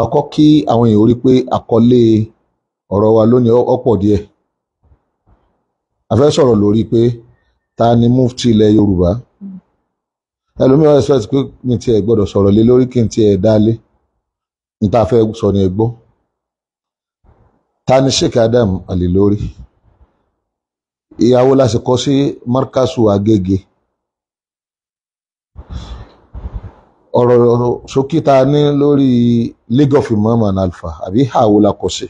àkọ́kọ́ kí àwọn èèyàn rí pé àkọlé ọ̀rọ̀ wa lónìí ọ̀pọ̀ díẹ̀ a fẹ́ sọ̀rọ̀ lórí pé ta ni mufti ilẹ̀ Yorùbá ẹlòmíràn expect pé mi tiẹ̀ gbọ́dọ̀ sọ̀rọ̀ lé lórí kí n tiẹ̀ dálé n ta fẹ́ sọ ni ẹ gbọ́ ta ni Sheikh Adam Alilori ìyàwó la kọ́ sí markasu ọ̀rọ̀ ṣókí ta ní lórí League of Imam and Alfa àbí àwo la kọ̀ sí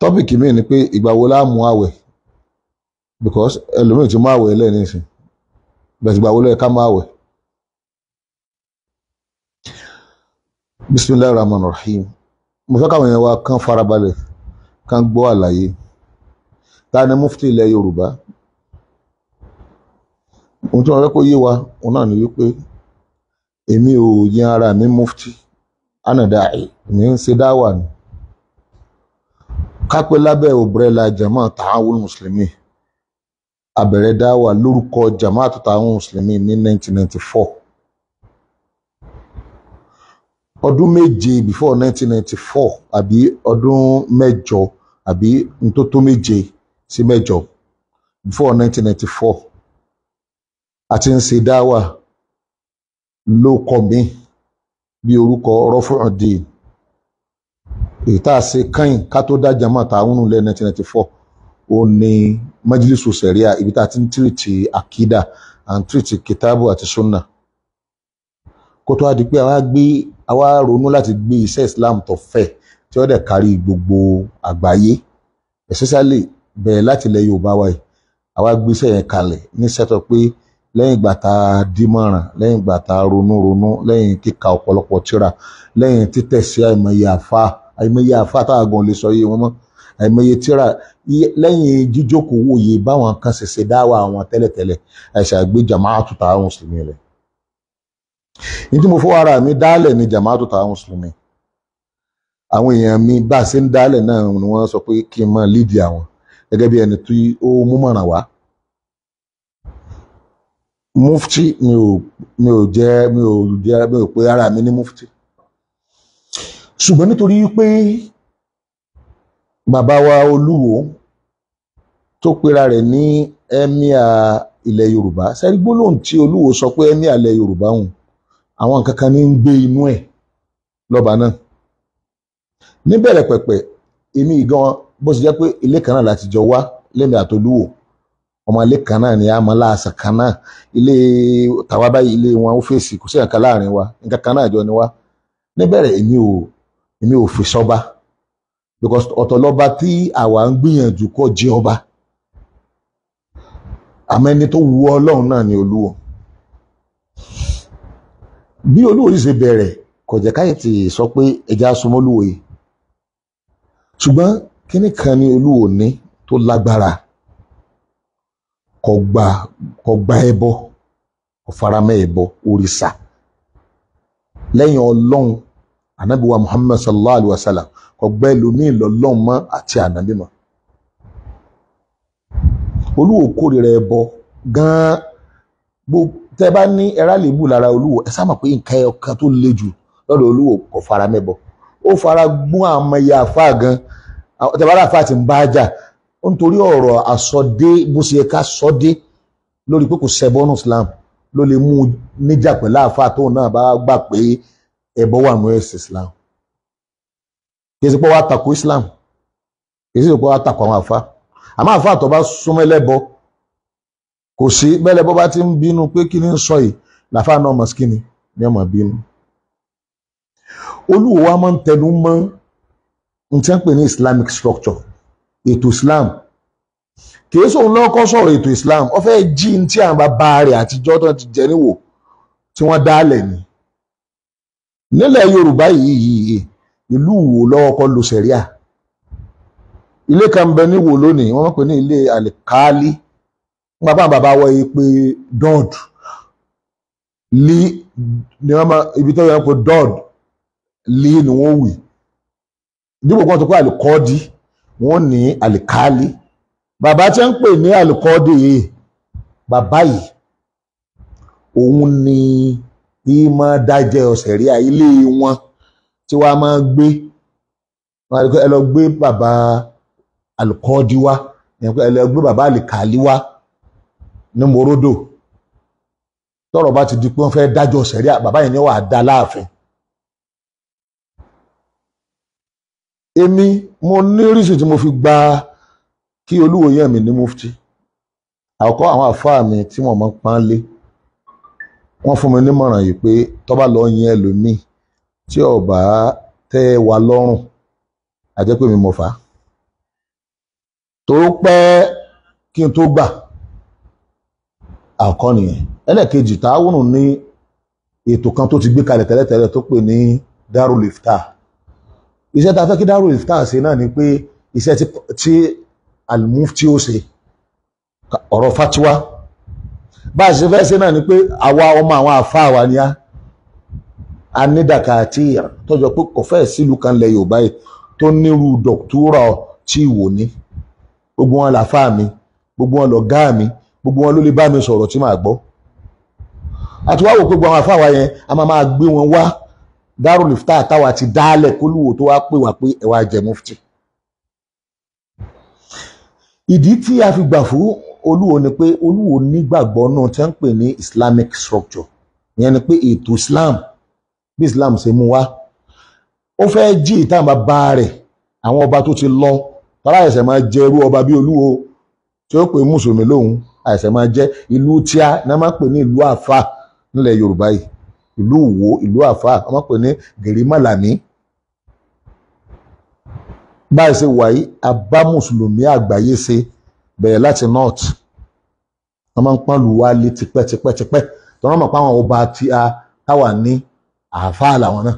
tọ́pìkì míì ni pé ìgbà wo la mú àwẹ̀ because ẹlòmíì ti mú àwẹ̀ lẹ́yìn nísìn bẹ̀sì ìgbà wo ló yẹ ká mú àwẹ̀. bisimilahi rahman rahim mo fẹ́ káwọn èèyàn wa kán farabalẹ̀ kán gbọ́ àlàyé ta ni mufti ilẹ̀ Yorùbá ohun tí wọ́n fẹ́ kó yé wa òun náà ni wípé èmi ò yan ara mi mufti anadai mi ń ṣe dáwà ni kápẹ́ lábẹ́ òbúrẹ́là jama tààwọn mùsùlùmí abẹ̀rẹ̀ dáwà lórúkọ jama tààwọn mùsùlùmí ní 1994 ọdún méje before 1994 àbí ọdún mẹ́jọ àbí ntótó méje sí mẹ́jọ before 1994 a ti ń ṣe dáwà ló kọ mí bí orúkọ rọ́fúrọ̀dì èyí tá a ṣe kẹ́yìn ká tó dá jama ta'awun lẹ́ 1994 ó ní májílísù sẹ̀ríà ibi tá a ti ń tìrìtì àkídà à ń tìrìtì kìtáàbù àti sunna kó tó wá di pé àwa gbé àwa ronú láti gbé iṣẹ́ Islam tó fẹ̀ tí ó dẹ̀ kárí gbogbo àgbáyé especially bẹ̀rẹ̀ láti ilẹ̀ Yorùbá wa yìí àwa gbé iṣẹ́ yẹn kalẹ̀ ní sẹ́tọ̀ pé lẹ́yìn ìgbà tá a dímọ̀ràn lẹ́yìn ìgbà tá a ronúronú lẹ́yìn kíka ọ̀pọ̀lọpọ̀ tírà lẹ́yìn títẹ̀ sí àìmọye àfa àìmọye àfa tá a gan lè sọ iye wọn mọ́ àìmọye tírà lẹ́yìn jíjókòó wòye báwọn kan ṣẹ̀ṣẹ̀ dáwà àwọn tẹ́lẹ̀tẹ́lẹ̀ àìsàn àgbé jamaatu ta àwọn mùsùlùmí rẹ̀ ní tí mo fọ́ ara mi dálẹ̀ ni jamaatu ta àwọn mùsùlùmí àwọn èèyàn mi bá a ṣe ń dálẹ̀ náà ni wọ́n sọ pé kí n máa lídìí àwọn gẹ́gẹ́ bí ẹni tí ó múmọ̀ràn wá mufti mi ò mi ò jẹ́ mi ò jẹ́ mi ò pe ara mi ní mufti ṣùgbọ́n nítorí pé bàbá wa olúwo tó pera rẹ̀ ní ẹ́míà ilẹ̀ yorùbá sẹ́rí gbólóhùn tí olúwo sọ pé ẹ́míà ilẹ̀ yorùbá hùn àwọn nǹkan kan ní ń gbé inú ẹ̀ lọ́ba náà níbẹ̀rẹ̀ pẹ̀pẹ̀ èmi gan bó ṣe jẹ́ pé ilé kan náà láti jọ wá lẹ́mi àtolúwo ọmọlé kan náà ni amọ̀lá àṣà kan náà ilé tàwa báyìí ilé wọn ó kò sí nǹkan láàrin wa nǹkan kan náà jọ ni wa níbẹ̀rẹ̀ èmi ò èmi ò fi sọ́ba because ọ̀tọ̀ lọ́ba tí àwa ń gbìyànjú kó jẹ́ ọba àmọ́ ẹni tó wu ọlọ́run náà ni olúwo bí olúwo yìí ṣe bẹ̀rẹ̀ kò jẹ́ káyọ̀ ti sọ pé ẹja súnmọ́ olúwo ṣùgbọ́n kíní kan ni olúwo ní tó lágbára. kọgba ẹbọ ọfara ẹbọ òrìṣà lẹyìn Ọlọ́run anabi wa sallallahu alaihi wa sallam kọgbà ẹlòmíì lọ́lọ́run mọ́ àti anabi mọ́ olúwo kórìíra ẹbọ gan tẹ bá ní ẹrá lara lára olúwo ẹ sábà pé nǹkan tó le jù lọ́dọ̀ olúwo fara ó ti ń bá ó ń torí ọ̀rọ̀ àsọdé bó ṣe ká sọdé lórí pé kò ṣẹbọnú Islam ló lè mú un níjà pẹ̀lú àáfàá tóun náà bá gbà pé ẹbọ wà nù ẹ̀sìn Islam kì í tako Islam kì í ṣe pé wàá tako àwọn àáfàá àmọ́ àáfàá tó bá súnmọ́ ẹlẹ́bọ kò sí bẹ́lẹ̀ bọ́ bá ti ń bínú pé kí ni ń sọ yìí làáfàá náà mọ̀ sí ni ọmọ bínú olúwo wa máa ń tẹnu mọ́ n tí wọ́n pè ní Islamic structure ètò Islam kìí sóun náà kọ́ sọ̀rọ̀ ètò Islam ó fẹ́ jí ní tí àwọn bàbá rẹ̀ àtijọ́ tó ti jẹ níwò tí wọ́n dálẹ̀ ni nílẹ̀ Yorùbá yìí ìlú wo lọ́wọ́ kọ́ lo sẹ̀ríà ilé kan ń bẹ níwò lónìí wọ́n pè ní ilé àlìkáálí nígbà bá bàbá wọ ipe dọ́ọ̀d lí ni wọ́n máa ibi tó yẹ kó dọ́ọ̀d lí ni wọ́n wì dípò kan tó kọ́ àlìkọ́ọ́dí wọ́n ní àlìkáálí bàbá tí ń pè ní àlìkọ́dé yìí bàbá yìí òun ni ìmọ̀ dájẹ́ ọ̀sẹ̀ rí ilé wọn tí wàá máa gbé ẹ lọ gbé bàbá àlìkọ́dé wá ẹ lọ gbé bàbá àlìkáálí wá ní morodo tọ́rọ̀ bá ti di pé wọ́n fẹ́ẹ́ dájọ́ ọ̀sẹ̀ bàbá yìí ni wàá dá láàfin èmi mo ní rísì tí mo fi gba kí olúwòye mi ní mufti àkọ́kọ́ àwọn àfáà mi tí wọ́n máa ń pán lé wọ́n fún mi nímọ̀ràn yìí pé tó bá lọ yẹn ẹlòmíì tí ó bá tẹ́ wa lọ́rùn àjẹ́ pé fà á tó pẹ́ kí n tó gbà àkọ́ nìyẹn ẹlẹ́ẹ̀kejì tààwùn ní ètò kan tó ti gbé kalẹ̀ tẹ́lẹ̀tẹ́lẹ̀ tó pè ní Darul iṣẹ́ ta fẹ́ kí dárò ìfitá ṣe náà ni pé iṣẹ́ tí al-mufti ó ṣe ọ̀rọ̀ fatiwa bá a ṣe fẹ́ ṣe náà ni pé àwa ọmọ àwọn àfa àwa ni a a ní dakatir tọjọ pé kò fẹ́ sílùú kan lẹ Yorùbá yìí tó nírú dọ̀túrà tí ìwò ní gbogbo wọn làfa mi gbogbo wọn lọ̀gá mi gbogbo wọn ló lè bá mi sọ̀rọ̀ tí màá gbọ́ àti wá pé gbogbo àwọn àfa yẹn a máa máa gbé wọn wá Darul Ifta táwa ti dálẹ̀ kólúwo tó wá pè wá pé ẹ wá jẹ mufti ìdí tí a fi gbà fún olúwo ni pé olúwo nígbàgbọ́ náà tí wọ́n ń pè ní Islamic structure ìyẹn ni pé ètò Islam bí Islam ṣe mú wá ó fẹ́ jí ìtàn bàbá rẹ̀ àwọn ọba tó ti lọ tọ́lá ẹ̀sẹ̀ máa jẹ irú ọba bí olúwo tí ó pè mùsùlùmí lòun àìsẹ̀ máa jẹ ìlú tíá ní wọ́n máa pè ní ìlú àfà nílẹ̀ Yorùbá yìí ìlú Ìwó ìlú àfà wọ́n pè ní gèrímàlàmí báyìí ṣe wàyí abá mùsùlùmí àgbáyé ṣe bẹ̀rẹ̀ láti north wọ́n máa ń pọ́n lù wá lé tipẹ́tipẹ́tipẹ́ tọ́wọ́n mọ̀ pé àwọn ọba tí a táwà ní àáfàá làwọn náà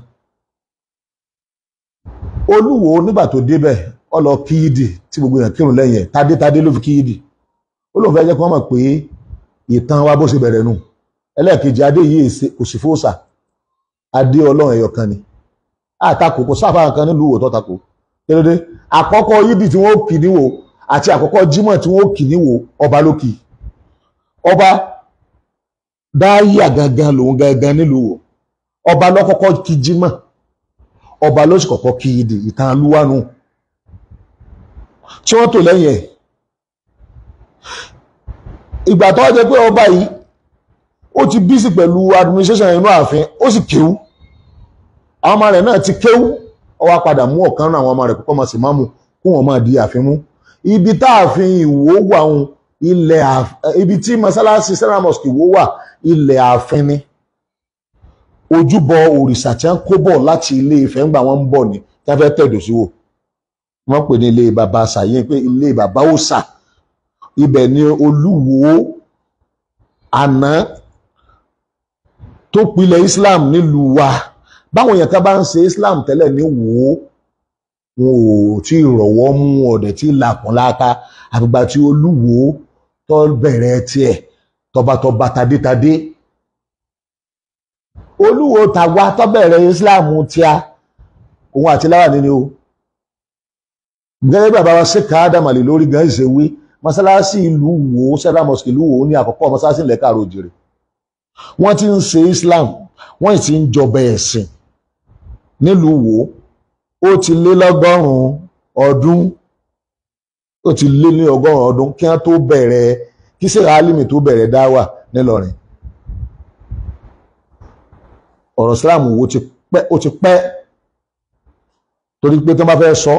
Olúwo nígbà tó débẹ̀ ó kíyìdì tí gbogbo èèyàn kírun lẹ́yìn ẹ̀ tádé tádé ló fi kíyìdì ó lóun fẹ́ jẹ́ kí wọ́n mọ̀ pé ìtàn wa bó ṣe bẹ̀rẹ̀ nù ẹlẹ́ẹ̀kejì adé yìí èsè òṣìfòsà adé ọlọ́run ẹ̀yọ̀ kan ni àtakò kò sáfà kan nílùú ìwò tọ́takò dédédé àkọ́kọ́ yídì tí wọ́n kì níwò àti àkọ́kọ́ jímọ̀ tí wọ́n kì níwò ọba ló kì ọba dáyà gangan lòun gangan nílùú ìwò ọba ló kọ́kọ́ kí jímọ̀ ọba ló sì kọ́kọ́ kí yídì ìtàn alúwánu tí wọ́n tò lẹ́yìn ẹ̀ ìgbà tó wá jẹ́ pé ọba yìí ó ti bísí pẹ̀lú administration inú ààfin ó sì kéwú àwọn ọmọ rẹ̀ náà ti kéwú ó wá padà mú ọ̀kan náà àwọn ọmọ rẹ̀ kọ́kọ́ máa sì máa mú kó wọ́n máa di ààfin mú ibi tá ààfin ìwò wà òun ilẹ̀ ibi tí mọ́sálásí sarah mosque ìwò wà ilẹ̀ ààfin ni ojúbọ òrìṣà tí wọ́n kó bọ̀ láti ilé Ifẹ̀ ńgbà wọ́n ń bọ̀ ni tí wọ́n fẹ́ tẹ̀dọ̀ sí wò wọ́n pè ní ilé bàbá sàyẹn pé ilé bàbá òòṣà ibẹ̀ ni olúwo àná tó pilẹ̀ Islam nílùú wa báwọn èèyàn kan bá ń ṣe Islam tẹ́lẹ̀ ní wòó wọn ò tí ì rọ̀wọ́ mú ọ̀dẹ̀ tí làkùn láta àgbà tí olúwo tó bẹ̀rẹ̀ tiẹ̀ tọbatọba tadétadé olúwo tàwa tó bẹ̀rẹ̀ Islam tíá òun àti láwà nínú o gẹ́gẹ́ bàbá wa ṣèkà ádámàlè lórí gan ìṣèwé mọ́sálásí ìlú wo sẹ́dá mọ́sálásí ìlú wo ní àkọ́kọ́ mọ́sálásí ilẹ̀ káàró wọ́n ti ń ṣe Islam wọ́n ti ń jọba ẹ̀sìn nílùú wo ó ti lé lọ́gọ́rùn-ún ọdún ó ti lé ní ọgọ́rùn-ún ọdún kí wọ́n tó bẹ̀rẹ̀ kí sèrè alimi tó bẹ̀rẹ̀ dáwà nílọrin ọ̀rọ̀ Islam wo ti pẹ́ ó ti pẹ́ torí pé tí wọ́n bá fẹ́ sọ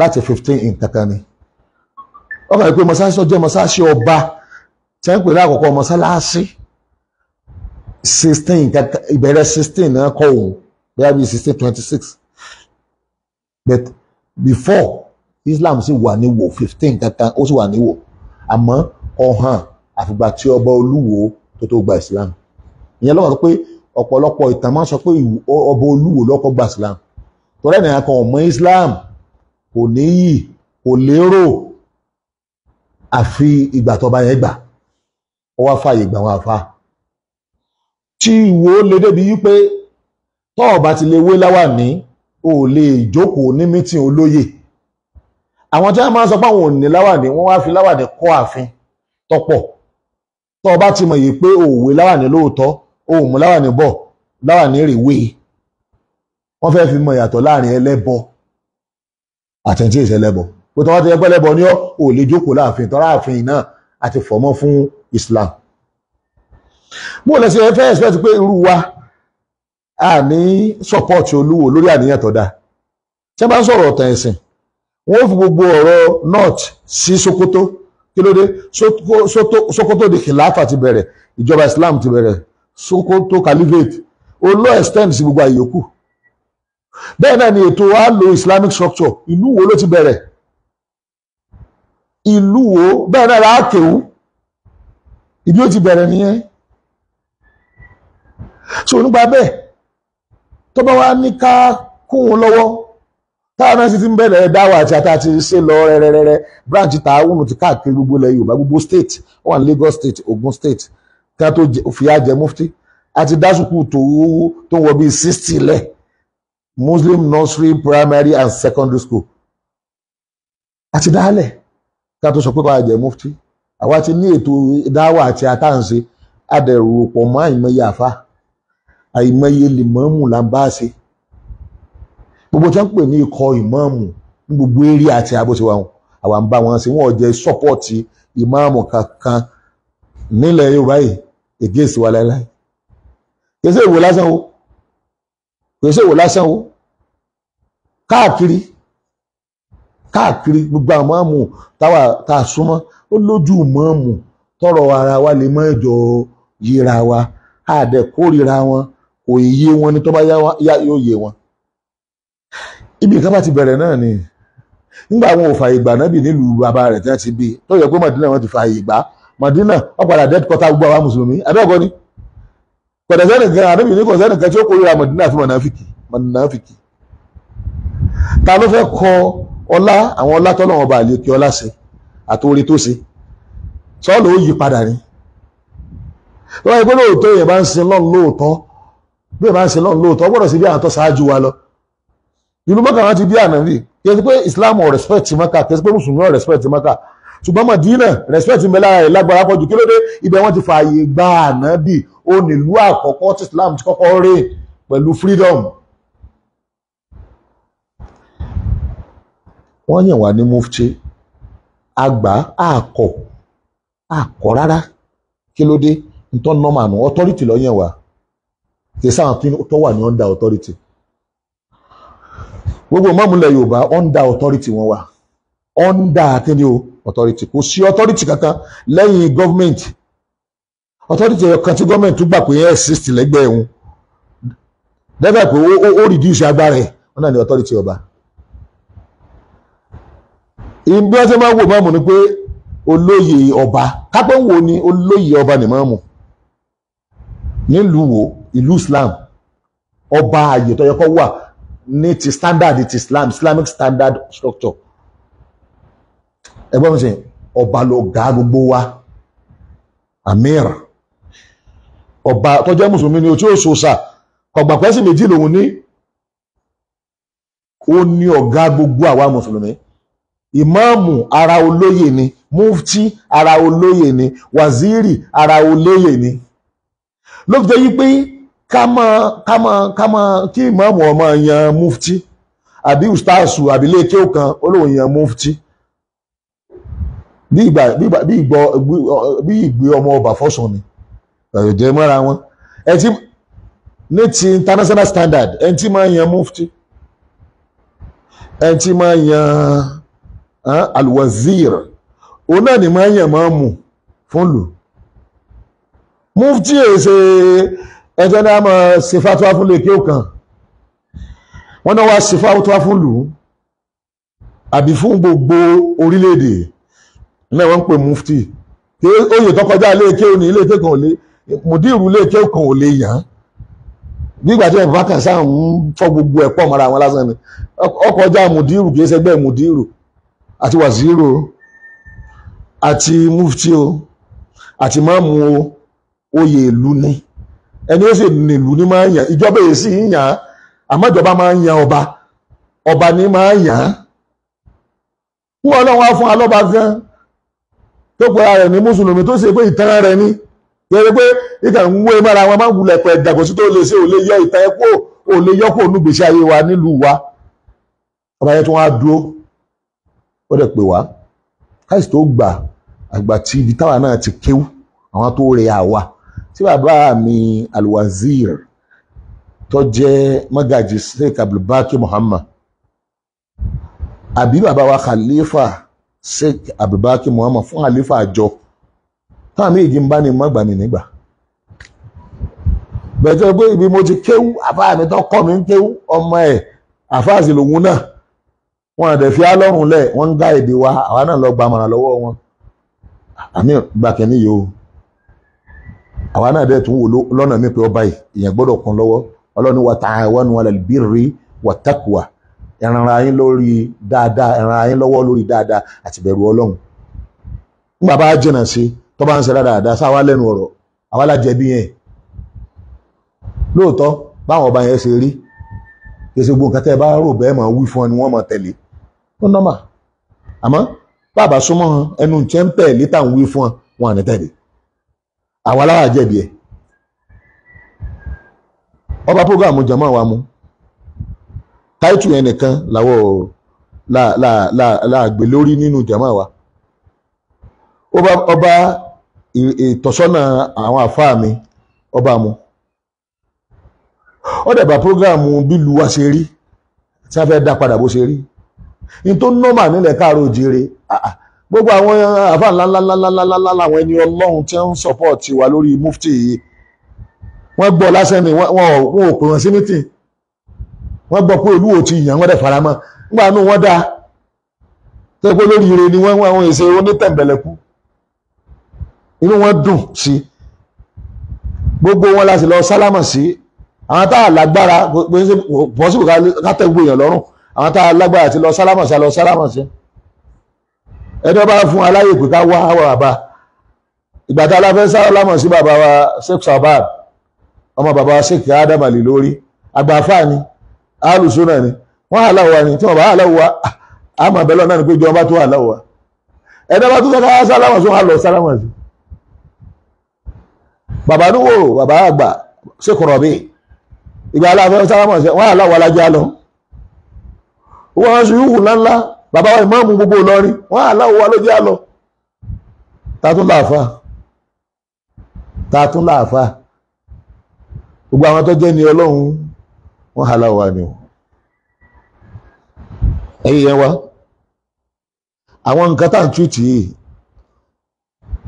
láti fifteen nǹkankan ni ọkàn yìí pé mọ́sáàsì náà jẹ́ mọ́sáàsì ọba tí ń pè ní àkọ́kọ́ mọ́sáàsì sixteen ìbẹ̀rẹ̀ sixteen náà kọ òun bẹ́ẹ̀ bí sixteen twenty six but before Islam sì wà ní wò fifteen kankan ó sì wà ní wò àmọ́ ọ̀hàn àfìgbà tí ọba olúwo tó tó gba Islam ìyẹn lọ́wọ́ sọ pé ọ̀pọ̀lọpọ̀ ìtàn máa ń sọ pé ọba olúwo lọ́kọ́ gba Islam torí ẹ̀nìyàn kan ọ̀mọ Islam kò níyì kò lérò àfi ìgbà tó bá yẹn gbà ó wá fààyè gbà wọn àfa tí ìwò lè débi wípé tọ́ọ̀bá ti lè wé láwàní o lè jókòó ní mítìn olóyè àwọn tí wọ́n máa ń sọ pé àwọn ò ní láwàní wọ́n wá fi láwàní kọ́ ààfin tọ́pọ̀ tọ́ọ̀bá ti mọ̀ yìí pé òwe láwàní lóòótọ́ òun mú láwàní bọ̀ láwàní rèwé wọ́n fẹ́ fi mọ ìyàtọ̀ láàrin ẹlẹ́bọ àtẹ̀ntì ìṣẹlẹ́bọ pé tọ́wọ́ ti yẹ pẹ́lẹ́bọ ní ọ́ ò lè jókòó láàfin tọ́ra ààfin náà àti fọ̀mọ́ fún Islam bó o lẹ́sìn ẹ̀fẹ́ expect pé irú wa a ní support olúwo lórí àníyàn tó dáa tí wọ́n bá ń sọ̀rọ̀ ọ̀tàn ẹ̀sìn wọ́n fi gbogbo ọ̀rọ̀ north sí Sokoto kí Sokoto di kìláfà ti bẹ̀rẹ̀ ìjọba Islam ti bẹ̀rẹ̀ Sokoto Caliphate olú extend sí gbogbo àyòkù bẹ́ẹ̀ náà ni ètò wa lo Islamic structure ìlú wo ló ti bẹ̀rẹ̀ ìlú wo bẹ́ẹ̀ náà la kéwú ìbí ó ti bẹ̀rẹ̀ nìyẹn so nípa bẹ́ẹ̀ tó bá wá ní ká kún un lọ́wọ́ táwọn náà sì ti ń bẹ̀rẹ̀ dáwà àti ata ti ṣe lọ rẹ́rẹ́rẹ́rẹ́ branch Taawun ti káàkiri gbogbo ilẹ̀ Yorùbá gbogbo state ó wà ní Lagos state Ogun state kí wọ́n tó fìyà jẹ mufti àti dásùkú tòwú tó ń wọ bíi sixty lẹ̀ Muslim nursery primary and secondary school àti dálẹ̀ kí wọ́n tó sọ pé kọ́ àjẹ mufti àwa ti ní ètò dáwà àti ata ń ṣe adẹ̀rù pọ̀ mọ́ àìmọye àìmọye lè la là ń bá ṣe gbogbo tí wọ́n pè ní ikọ̀ ìmọ̀ọ̀mù ní gbogbo eré àti àbòsíwá wọn àwa ń bá wọn ṣe wọn ò jẹ́ sọ́pọ̀tì ìmọ̀ọ̀mù kankan nílẹ̀ Yorùbá yìí èdè èsì wa láéláé kìí ṣe ìwò lásán o kìí ṣe ìwò lásán o káàkiri káàkiri gbogbo àwọn mọ́ọ̀mù táwa tá a súnmọ́ ó lójú mọ́ọ̀mù tọrọ ara wa lè mọ́ ìjọ yíra wa àdẹ̀kórira wọn kò yé wọn ni tó bá yá yóò yé wọn ibi kan bá ti bẹ̀rẹ̀ náà ni nígbà àwọn òfà ìgbà náà bì nílùú bàbá rẹ̀ tí wọ́n ti bí tó yẹ pé Madina wọn ti fa ìgbà Madina wọn padà dead quarter gbogbo àwọn mùsùlùmí abẹ́ẹ̀kọ́ ni kọ̀dẹ̀sẹ́nì kan àdébì ní kọ̀dẹ̀sẹ́nì kan tí ó kórìíra Madina àfi mọ̀nàfìkì mọ̀nàfìkì ta ló fẹ́ kọ ọlá àwọn ọlá tọ́lọ̀ wọn bá lè kí ọlá ṣe àtòrí tó ṣe sọ́ọ̀lù ó yí padà ni wọ́n yẹ pé lóòótọ́ yẹn bá ń sin lọ́ọ̀ lóòótọ́ bí ìbá ń ṣe lọ́n lóòótọ́ gbọ́dọ̀ sí bí àwọn tó ṣáájú wa lọ ìlú mọ́kà wọn ti bí ànábì kí ẹ ti pé islam ò respect mọ́kà kí ẹ ti pé mùsùlùmí ò respect mọ́kà ṣùgbọ́n mọ̀dínà respect ń bẹ lára rẹ̀ lágbára pọ̀ jù kí ló dé ibẹ̀ wọ́n ti fààyè gba ànábì ó nílùú àkọ́kọ́ tí islam ti kọ́kọ́ rè pẹ̀lú freedom. wọ́n yàn wá ní mufti àgbà àkọ́ àkọ́ rárá kí ló dé ntọ́ nù authority kì í sáwọn tó wà ní under authority gbogbo mọ́múlẹ̀ Yorùbá under authority wọn wà under kíni o authority kò sí authority kankan lẹ́yìn government authority kan tí government tún gbà pé exist lẹ́gbẹ̀ẹ́ wọn dẹ́gbà pé ó reduce agbára ẹ̀ wọn náà ní authority ọba ìbí wọn ti máa wò mọ́mù ni pé olóyè ọba kápẹ́ wo ni olóyè ọba ni mọ́mù nílùú wo ìlú Islam ọba ààyè tó yẹ kó wà ní ti standard ti Islam Islamic standard structure ẹgbẹ́ mi sìn ọba ló ga gbogbo wa amir ọba tó jẹ́ mùsùlùmí ni o tí ó so sà kọ̀gbàpẹ́sì méjì lòun ní ó ní ọ̀gá gbogbo àwa mùsùlùmí ìmáàmù ara olóyè ni mufti ara olóyè ni waziri ara olóyè ni ló fi jẹ́ yí pé Kama kama kama kí ìmọ̀ọ́mù ọmọ yan mufti àbí ustaasu àbí léèké kan olóhùn yan mufti bí ìgbà bí ìgbọ́ bí ìgbé ọmọ ọba fọ́sùn ni ẹ̀rọ jẹ́ mọ́ra wọn ẹ ní ti international standard ẹ ti máa yan mufti ẹ máa yan alwazir òun náà ni máa yan máa fún lù mufti ẹ̀ ṣe ẹjọ́ ní a mọ̀ ṣe fatuwa fún lè kí ó kàn wọ́n náà wá ṣe fatuwa fún lù àbí fún gbogbo orílẹ̀-èdè náà wọ́n ń pè mufti kí oyè tó kọjá ilé kí ó ní ilé kí kan ò lè mùdírù ilé kí kan ò lè yàn án nígbà tí ẹ̀fọ́ kàn sáà ń fọ́ gbogbo ẹ̀pọ̀ mọ́ra àwọn lásán ni ọkọjá mùdírù kì í ṣẹgbẹ́ mùdírù àti wàzírò àti mufti o àti máàmù o oyè ìlú ni ẹni ó sì nílùú ní máa ń yàn ìjọba èyí sì ń yàn àmọ́ ìjọba máa ń yan ọba ọba ní máa ń yàn wọ́n ọlọ́run á fún alọ́ba gan tó pe ara rẹ̀ ní mùsùlùmí tó ṣe pé ìtàn rẹ̀ ni yẹ́rẹ́ pé ìkà ń wé mọ́ra wọn máa ń wulẹ̀ pẹ̀ dàgòsí tó lè ṣe ò lè yọ ìtàn ẹ̀kọ́ ò lè yọ́kọ̀ olúgbèsè ayé wa nílùú wa ọba yẹn tó wá dúró ó dẹ̀ pè wá káìsì tó gbà àgbà tí ibi táwa náà ti kéwú àwọn tó rẹ̀ àwa tí bàbá mi alwazir tó jẹ́ mọ́gàjì sheikh abdulbaki muhammad àbí bàbá wa khalifa sheikh abdulbaki muhammad fún khalifa àjọ táwọn méjì ń bá ní mọ́gbà mi nígbà bẹ̀tẹ̀ pé ibi mo ti kéwú àfáà mi tó kọ́ mi ń kéwú ọmọ ẹ̀ àfáà sì lòun náà wọn àdẹ̀ fi alọ́run lẹ̀ wọ́n ń gá èdè wa àwa náà lọ gbàmọ̀ràn lọ́wọ́ wọn àmì gbàkẹ́ni yìí àwa náà dẹ̀ tún wò lọ́nà mi pé ọba yìí èèyàn gbọ́dọ̀ kún lọ́wọ́ ọlọ́ni wa ta'awanu 'alal birri wat taqwa ẹ ran ara yín lórí dáadáa ẹ ran ara yín lọ́wọ́ lórí dáadáa àti bẹ̀rù ọlọ́run nígbà bá jìnnà sí tó bá ń ṣe dáadáa sáwá lẹ́nu ọ̀rọ̀ àwa la jẹ̀bi yẹn lóòótọ́ báwọn ọba yẹn ṣe rí kèsì gbogbo nǹkan tẹ́ ẹ bá rò bẹ́ẹ̀ máa wí fún ẹ ni wọ́n máa tẹ̀lé ó nọ́mà àmọ́ bàbá súnmọ́ ẹnu tí ń tẹ̀lé táwọn wí fún wọn àní tẹ̀lé àwa láwà jẹ̀bi ẹ̀ ọba program jọmọ́ wa mu táìtù yẹn nìkan làwọ̀ láàgbé lórí nínú jọmọ́ wa ọba ọba ìtọ́sọ́nà àwọn àfáà mi ọba mu ọ̀dẹ̀bà program bílu wa ṣe rí tí a fẹ́ dá padà bó ṣe rí ní tó nọ́mà nílẹ̀ káàró òjìire àà gbogbo àwọn àfa ńláńláńláńláńlá làwọn ẹni ọlọ́run tí ń sọ́pọ̀tì wa lórí mufti yìí wọ́n gbọ́ lásán ni wọ́n ò pè wọ́n sí mítìn wọ́n gbọ́ pé olúwo ti yàn wọ́n dẹ̀ faramọ́ nígbà náà wọ́n dáa tó pé lórí ire ni wọ́n wọ́n àwọn èsè onítẹ̀m̀bẹ̀lẹ̀kú inú wọn dùn sí gbogbo wọn láti lọ sálámà sí àwọn tá a lágbára pọ́sibù ká tẹ̀ gbogbo èèyàn lọ́rùn àwọn tá a lágbára ti lọ sálámà sí a lọ sálámà sí ẹni ọba fún aláyè pé ká wá wà bá ìgbà tá a sí bàbá wa Sheikh Sabab ọmọ bàbá wa Sheikh Adam Ali lórí àgbàfà ni alùsùnà ni wọ́n àláwọ̀ ni tí wọ́n bá àláwọ̀ àmọ̀ bẹ́lọ̀ náà ni pé ìjọba tó àláwọ̀ ẹni ọba tó fẹ́ ká sára lámọ̀ sí wọn àlọ́ sára lámọ̀ sí bàbá níwò bàbá àgbà Sheikh Rabi ìgbà aláfẹ́ sára sí wọn àláwọ̀ alájá lọ wọ́n ṣe yúhù ńláńlá bàbá wa ìmáàmù gbogbo Ìlọrin wọ́n aláwọ̀ wa ló jẹ́ àlọ́ tààtún láàfà tààtún láàfà gbogbo àwọn tó jẹ́ ni ọlọ́run wọ́n aláwọ̀ wa ni o ẹ̀yìn yẹn wa àwọn nǹkan tá à ń túìtì yìí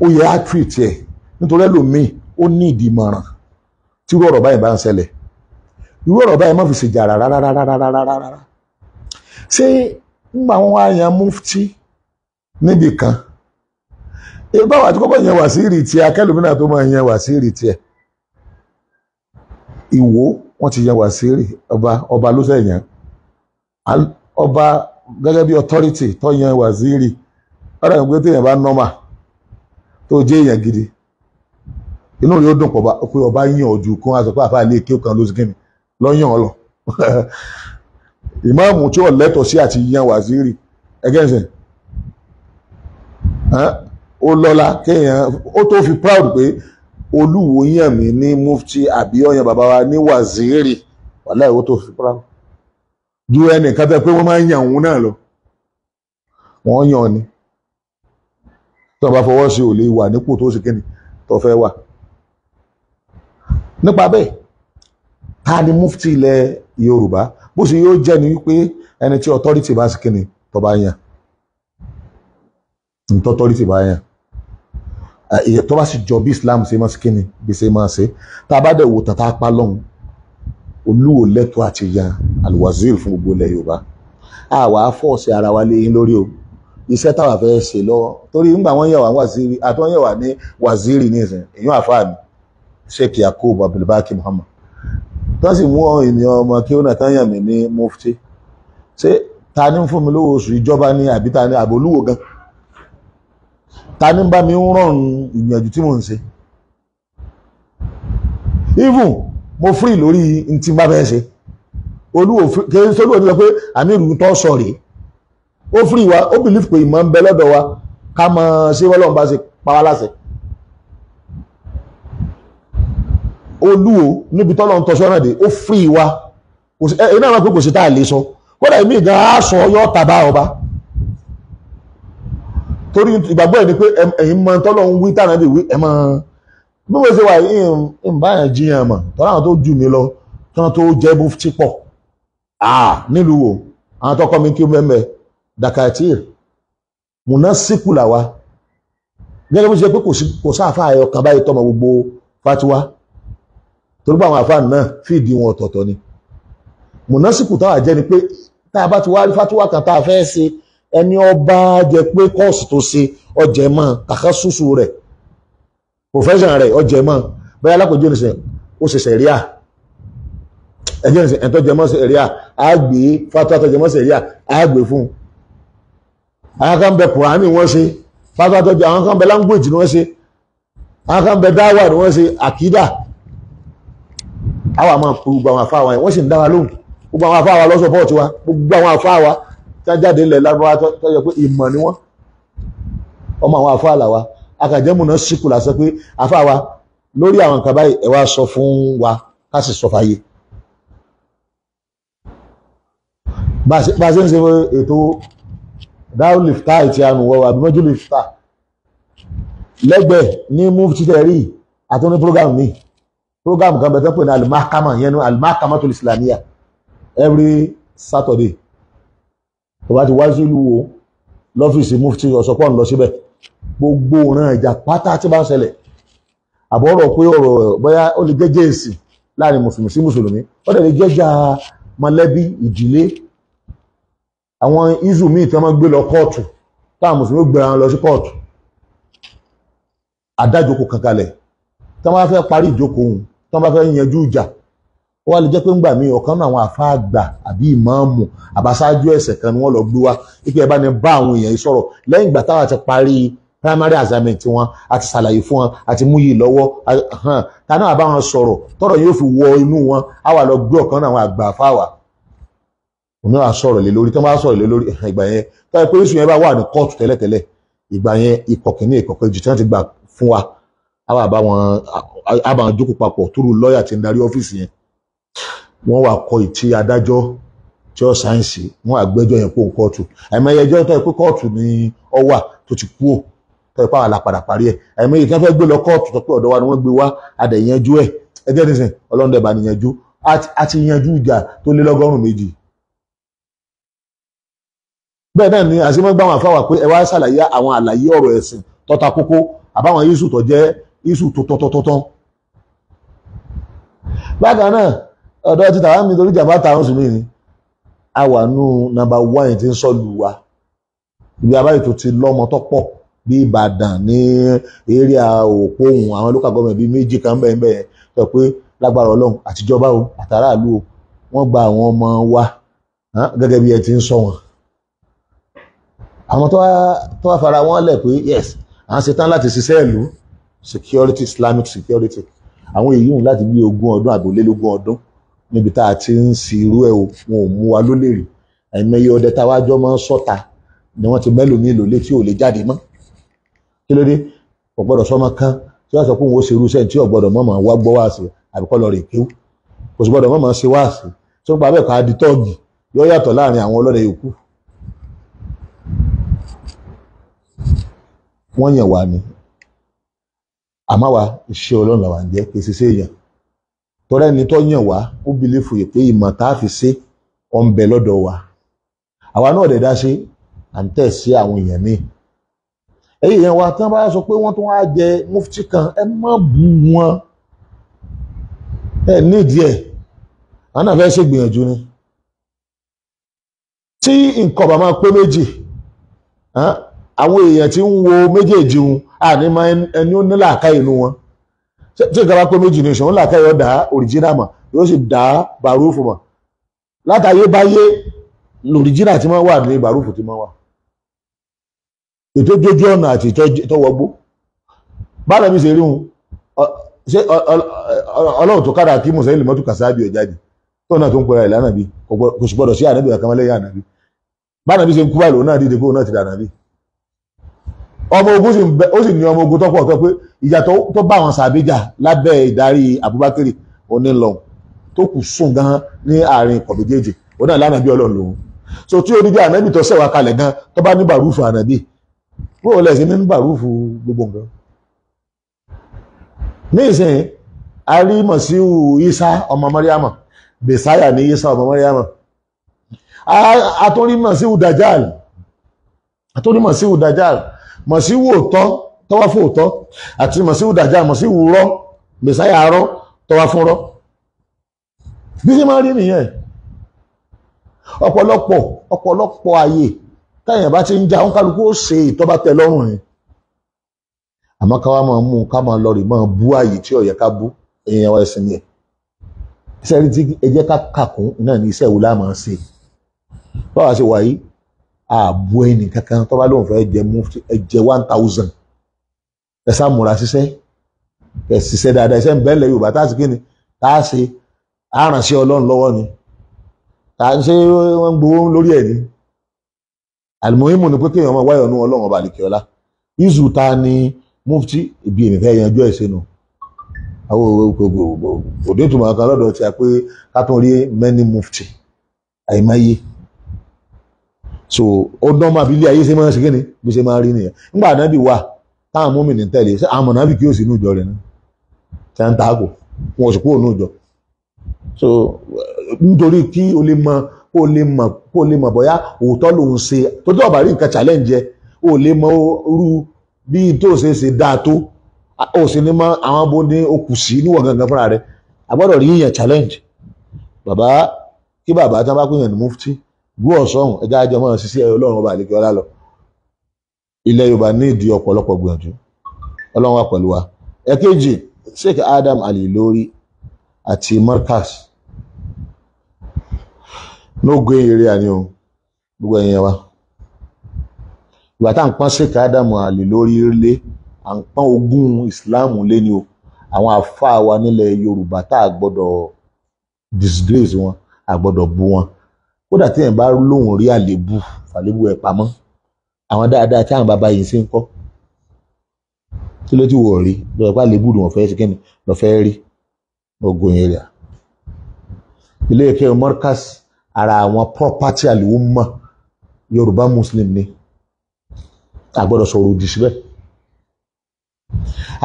ó yẹ á túìtì ẹ̀ nítorí ẹlòmíì ó ní ìdìmọ̀ràn tí irú ọ̀rọ̀ báyìí bá ń ṣẹlẹ̀ irú ọ̀rọ̀ báyìí má fi ṣèjà rárá rárá rárá rárá ṣé ń gbà wọn mufti níbì kan ìbá wà tí kọ́kọ́ yẹn wà sí ìrì tiẹ̀ akẹ́lòmínà tó máa yẹn wà sí ìrì tiẹ̀ wọ́n ti yẹn wà sí ìrì ọba ọba ló ọba gẹ́gẹ́ bí authority tó yẹn wà sí ìrì bá nọ́mà tó jẹ́ èèyàn ọba yàn ọ̀jù àfáà lè kí ó ìmáàmù tí ò lẹ́tọ̀ọ́ sí àti yan wàzírì ẹgẹ́sẹ̀ ó lọ́la kéèyàn ó tó fi proud pé olúwo yàn mí ní mufti àbí ọ̀yàn bàbá wa ní wàzírì wàláhì ó tó fi proud ju ẹnìkan tẹ́ pé wọ́n máa ń yan òun náà lọ wọ́n yàn ni tí wọ́n bá fọwọ́ sí ò lè wà nípò tó sì kíni tó fẹ́ wà nípa bẹ́ẹ̀ ta ni mufti ilẹ̀ Yorùbá bó sì yóò jẹ́ ni wípé ẹni tí authority bá sì kíni tó bá yàn ní tó authority bá yàn èyí tó bá sì jọ bí Islam ṣe máa ṣe kíni bí ṣe máa ṣe tá a bá dẹ̀ wò tàtà apá lọ́hùn olúwo lẹ́tọ̀ọ́ àti yan alwazir fún gbogbo ilẹ̀ Yorùbá àwa fọ́ọ̀sì ara wa léyìn lórí o iṣẹ́ táwa fẹ́ ṣe lọ́wọ́ torí ńgbà wọ́n yẹ̀wà waziri àtọ́ yẹ̀wà ní waziri ní ìsìn èyàn àfáà ní Sheikh Yakub Abdulbaki Muhammad tán sì mú ènìyàn ọmọ kí ó nà tán yàn mí ní mufti ṣé ta ni ń fún mi lówó oṣù ìjọba ni àbí ta ni àbólúwò gan ta ni ń bá mi ń rọrùn ìgbìyànjú tí mò ń ṣe even mo free lórí ntí bá bẹ́ẹ̀ ṣe olúwo kí sọ́dọ̀ ní sọ pé àmì ìlú tó sọ rèé ó free wa ó believe pé ìmọ̀ ń bẹ lọ́dọ̀ wa ká mọ̀ ṣé wọ́n lọ́n bá ṣe pa wá láṣẹ olúwo níbi tọ́lọ̀ ń tọ́sọ́nà dé ó fún ìwà iná àwọn pé kò sí tá a lè sọ kódà èmi gan á sọ yọ tàbá ọba torí ìgbàgbọ́ ẹ̀ ni pé ẹ̀yin mọ tọ́lọ̀ ń wí tànà bí wí ẹ̀ mọ bí wọ́n ṣe wà ń bá yẹn jiyàn mọ̀ tọ́lá àwọn tó jù mí lọ tọ́lá tó jẹ́ bó ti pọ̀ nílùú wo àwọn tó kọ́ mi kí mẹ́mẹ́ dakatir munasiku làwa gẹ́gẹ́ bó ṣe pé kò sáfà ayọ̀ kan báyìí tọmọ gbogbo fatiwa torí pé àwọn àfáà náà fìdí wọn ọ̀tọ̀ọ̀tọ̀ ni mùnásìkù táwa jẹ́ ni pé tá a bá ti wá rí fatuwa tá a fẹ́ ṣe ẹni ọba jẹ pé kọ́ọ̀sì tó ṣe ọjẹ́ mọ́ kàkà ṣùṣù rẹ̀ profession rẹ̀ ọjẹ́ mọ́ bẹ́ẹ̀ alákòjú ní sẹ́ ó ṣe sẹ̀ríà ẹjọ́ ní sẹ́ ẹ̀tọ́ jẹmọ́ sẹ̀ríà á gbé fatuwa tó jẹmọ́ sẹ̀ríà á gbé fún àwọn kan bẹ kùránì wọ́n ṣe fatuwa àwọn kan bẹ language ni wọ́n ṣe àwọn kan bẹ dáwà ni wọ́n ṣe àkídà àwa máa pe gbogbo àwọn àfáà wa wọ́n sì ń dá wa lóhùn gbogbo àwọn àfáà wa lọ support wa gbogbo àwọn àfáà wa tá jáde ńlẹ̀ lágbára tó yẹ pé ìmọ̀ ni wọ́n ọmọ àwọn àfáà là wa akàjẹ́mù náà síkù lásán pé àfáà wa lórí àwọn nǹkan báyìí ẹ wá sọ fún wa ká sì sọ fàyè. bá a ṣe ń ṣe ètò dáhùn lifta àti àrùn wọ́wọ́ àbí mọ́jú lifta lẹ́gbẹ̀ẹ́ ní move títẹ̀ rí àtúní program mi program kan bẹ̀rẹ̀ pé ní alimakama yẹn ní alimakama tó islamia every saturday tó bá ti wá sí ìlú wo lọ́fíìsì mufti ọ̀sọ́pọ̀ ń lọ síbẹ̀ gbogbo ọ̀ràn ìjà pátá tí bá ń ṣẹlẹ̀ àbọ̀rọ̀ pé ọ̀rọ̀ bóyá ó lè jẹ́jẹ́ èsì láàrin mùsùlùmí sí mùsùlùmí ó dẹ̀ lè jẹ́jà mọ̀lẹ́bí ìdílé àwọn izu míì tí wọ́n gbé lọ kóòtù táwọn mùsùlùmí gbéra lọ sí kóòtù adájọ́ kankalẹ̀ tán bá fẹ́ parí ìjókòó òun tán bá fẹ́ yanjú ìjà ó wá lè jẹ́ pé ńgbà míì ọ̀kan náà àwọn àfáà àgbà àbí ìmáàmù àbáṣáájú ẹ̀sẹ̀ kan ni wọ́n lọ gbé wá wípé ẹ bá ní bá àwọn èèyàn yìí sọ̀rọ̀ lẹ́yìn ìgbà táwọn ti parí primary assignment wọn àti ṣàlàyé fún wọn àti mú yìí lọ́wọ́ ta náà bá wọn sọ̀rọ̀ tọ́rọ̀ yóò fi wọ inú wọn á wà lọ gbé ọ̀kan náà àwọn àgbà fáwà òun náà sọ̀rọ̀ lé lórí tó máa sọ̀rọ̀ lé lórí ìgbà yẹn tó yẹ pé oṣù yẹn bá wà ní kóòtù tẹ́lẹ̀tẹ́lẹ̀ ìgbà yẹn ìkọ̀kíní ìkọ̀kejì tí wọ́n ti gbà fún wa àwọn àbá wọn àbá wọn jókòó papọ̀ túrú lọ́ọ̀yà tí ń darí ọ́fíìsì yẹn wọ́n wà kọ ìtì adájọ́ tí ó sáyẹ̀nsì wọ́n àgbẹ́jọ́ yẹn kó kóòtù àìmọye ẹjọ́ tó yẹ pé kóòtù ni ó wà tó ti kú ò tó yẹ pé àwọn alápadà parí ẹ̀ àìmọye ìtàn fẹ́ gbé lọ kóòtù tó pé ọ̀dọ̀ wa ni wọ́n gbé wá adẹ̀yẹnjú ẹ̀ ẹgbẹ́ nísìn ọlọ́dẹ bá níyanjú àti yanjú ìjà tó lé lọ́gọ́rùn-ún méjì bẹ́ẹ̀ náà ni àṣemọ́gbà wọn àfáwà pé ẹ wá ṣàlàyé àwọn àlàyé ọ̀rọ̀ ẹ̀sìn tó ta kókó àbáwọn yéṣù tó jẹ́ iṣu tọ̀tọ̀tọ̀tọ̀ bákan náà ọ̀dọ́ ti tàwa mi torí jàmbá tàwọn sì lóyìn a wà nù nàmbà wáyìn tí ń sọ́lù wa ibi abáyé tó ti lọ́mọ tó pọ̀ bí Ìbàdàn ní area Òpóhùn àwọn local government bíi méjì kan bẹ́ẹ̀ bẹ́ẹ̀ sọ pé lágbára Ọlọ́run àtijọba o àtàràlú o wọ́n gba àwọn ọmọ wa gẹ́gẹ́ bí ẹ ti ń sọ wọn àwọn tó wá fara wọn lẹ̀ pé yes à ń ṣetán láti ṣiṣẹ́ ìlú security islamic security àwọn èyí ń láti bí ogún ọdún àbólélógún ọdún níbi tá a ti ń si irú ẹ̀ wọn ò mú wa ló lè rí àìmọye ọdẹ tá a wájọ́ máa ń sọ́ta ni wọ́n ti mẹ́lòmíì lò lé tí ò lè jáde mọ́ kí ló dé kò gbọ́dọ̀ sọ́mọ kan tí wọ́n sọ pé òun ó ṣe irú iṣẹ́ tí ò gbọ́dọ̀ mọ̀mọ́ wá gbọ́ wá sí àbíkọ́ lọ rè kéwú kò sì gbọ́dọ̀ mọ̀mọ́ ṣe wá sí tó gba abẹ́ẹ̀kọ́ aditọ́ọ̀gì yóò yàtọ̀ láàrin àwọn ọlọ́dẹ yòókù wọ́n yàn wá ni àmọ́ wa iṣẹ́ ọlọ́run làwọn jẹ́ pé ṣe séèyàn tọ́rẹ́ ni tó yàn wá ó bilé fòye pé ìmọ̀ tá a fi ṣe ọ̀ ń bẹ lọ́dọ̀ wa àwa náà dẹ̀ dá ṣe à ń tẹ̀ sí àwọn èèyàn míì ẹ̀yìn èèyàn wa tí wọ́n bá sọ pé wọ́n tún wá jẹ mufti kan ẹ má bú wọn ẹ nídìí ẹ̀ àwọn náà fẹ́ ṣe gbìyànjú ni tí nǹkan bá máa pé méjì àwọn èèyàn tí ń wo méjèèjì wọn àní mọ ẹni ó ní làákà inú wọn tí ìjọba pé méjì ní ìṣòwò làákà yóò dá òrìjínà mọ yóò sì dá bàrúfù mọ látàyé báyé lòrìjínà tí wọn wà ní bàrúfù tí wọn wà ètò jójú ọ̀nà àti ìtọ́wọ́gbó bára mi ṣe rí wọn ṣé ọlọ́run tó kára kí mùsùlùmí mọ́tò kàṣáàbì ọ̀já tó náà tó ń pera ìlànà bí kò sì gbọdọ̀ sí ànábì àkàmọ́lẹ́yà ànábì bára mi ṣe ń kú ọmọ ogun ó sì ní ọmọ ogun tọ́pọ̀ tó pé ìjà tó bá àwọn sàbíjà lábẹ́ ìdarí Abubakar onílọ̀hún tó kù sùn gan ní àárín pọ̀ méjèèjì ó náà lánàá bí ọlọ́run lòun so tí onídìí ànábì tó sẹ̀wá kalẹ̀ gan tó bá ní bàrúfù ànábì bó o lẹ̀ sí ní bàrúfù gbogbo nǹkan ní ìsìn arímọ̀síhù Isa ọmọ Mariama Bèsáyà ní Isa ọmọ Mariama atúrímọ̀síhù Dajjal atúrímọ̀síhù Dajjal mọ̀síwò òtọ́ tọ́wá fún òtọ́ àti mọ̀síwò dàjà mọ̀síwò rọ́ mẹ̀sáyà rọ́ tọ́wá fún rọ́ bí ṣe máa rí nìyẹn ọ̀pọ̀lọpọ̀ ọ̀pọ̀lọpọ̀ àyè táyàn bá ti ń já wọn kálukú ó ṣe ìtọ́ba tẹ lọ́rùn ni àmọ́ ká wá máa mú un ká máa lọ rè máa bú àyè tí ó yẹ ká bú èèyàn wa ẹ̀sìn yẹn iṣẹ́ rí tí ẹ jẹ́ ká kàkún náà ní iṣẹ́ ìwúlá máa ṣe báwa ṣe wà yìí ààbò ẹnì kankan tó bá lóun fẹ́ jẹ mufti ẹ jẹ one thousand ẹ sá múra ṣiṣẹ́ ẹ ṣiṣẹ́ dáadáa iṣẹ́ nbẹ́lẹ̀ Yorùbá tá a sì kí ni tá a ṣe àránṣẹ́ Ọlọ́run lọ́wọ́ ni tá a ṣe wọ́n ń gbowó lórí ẹ̀ ni àlùmọ́hìmù ni pé kéèyàn máa wáyọ̀ nú Ọlọ́run ọba àlìkẹ́ọ́lá izu ta ni mufti ibi èmi fẹ́ yanjú ẹ̀ sínú àwọn òde ìtumọ̀ kan lọ́dọ̀ tí a pé ká rí many mufti àìmáyé so ọdún ọmọ àbílẹ̀ ayé ṣe máa ń ṣe kí ni bí ṣe máa rí nìyẹn nígbà ànábì wà táwọn mọ́mì ní tẹ̀lé ṣé àwọn ànábì kí ó sì nújọ rẹ̀ náà ṣe ń taako wọn ò sì kúrò nújọ so nítorí kí o lè mọ kó o lè mọ kó o lè mọ bóyá òótọ́ lòun ṣe tó ọ̀bà rí nǹkan challenge ẹ o lè mọ irú bí tó ṣe ṣe dáa tó o sì ní mọ àwọn bó ní o kù sí níwọ̀n gangan fúnra rẹ a rí yíyan challenge bàbá kí bàbá tán bá pè yàn ní mufti gbó ọ̀sọ́hùn ẹja àjọ máa ṣiṣẹ́ ọlọ́run ọba àlekè ọlá lọ ilẹ̀ yorùbá ní ìdí ọ̀pọ̀lọpọ̀ gbìyànjú ọlọ́run wa pẹ̀lú wa ẹ̀kejì sheikh adam ali lórí àti markaz lógo eré àní o gbogbo ẹ̀yìn wa ìgbà tá à ń pọ́n sheikh adam ali lórí lé à ń pọ́n ogún islam lé ni o àwọn àfáà wa nílẹ̀ yorùbá tá a gbọ́dọ̀ disgrace wọn a gbọ́dọ̀ wọn kódà tí èèyàn bá lóun rí àléébù àléébù ẹ̀ pamọ́ àwọn dáadáa tí àwọn bàbá yìí ṣe ń kọ́ kí ló ti wọ̀ rí lọ́wọ́ pé àléébù ni wọ́n fẹ́ ṣe kí ni wọ́n fẹ́ rí ogun yẹn rà ilé ìkẹ́ mọ́rkàs ara àwọn property àlùmọ́ yorùbá muslim ni àgbọ́dọ̀ sọ̀rọ̀ òdì síbẹ̀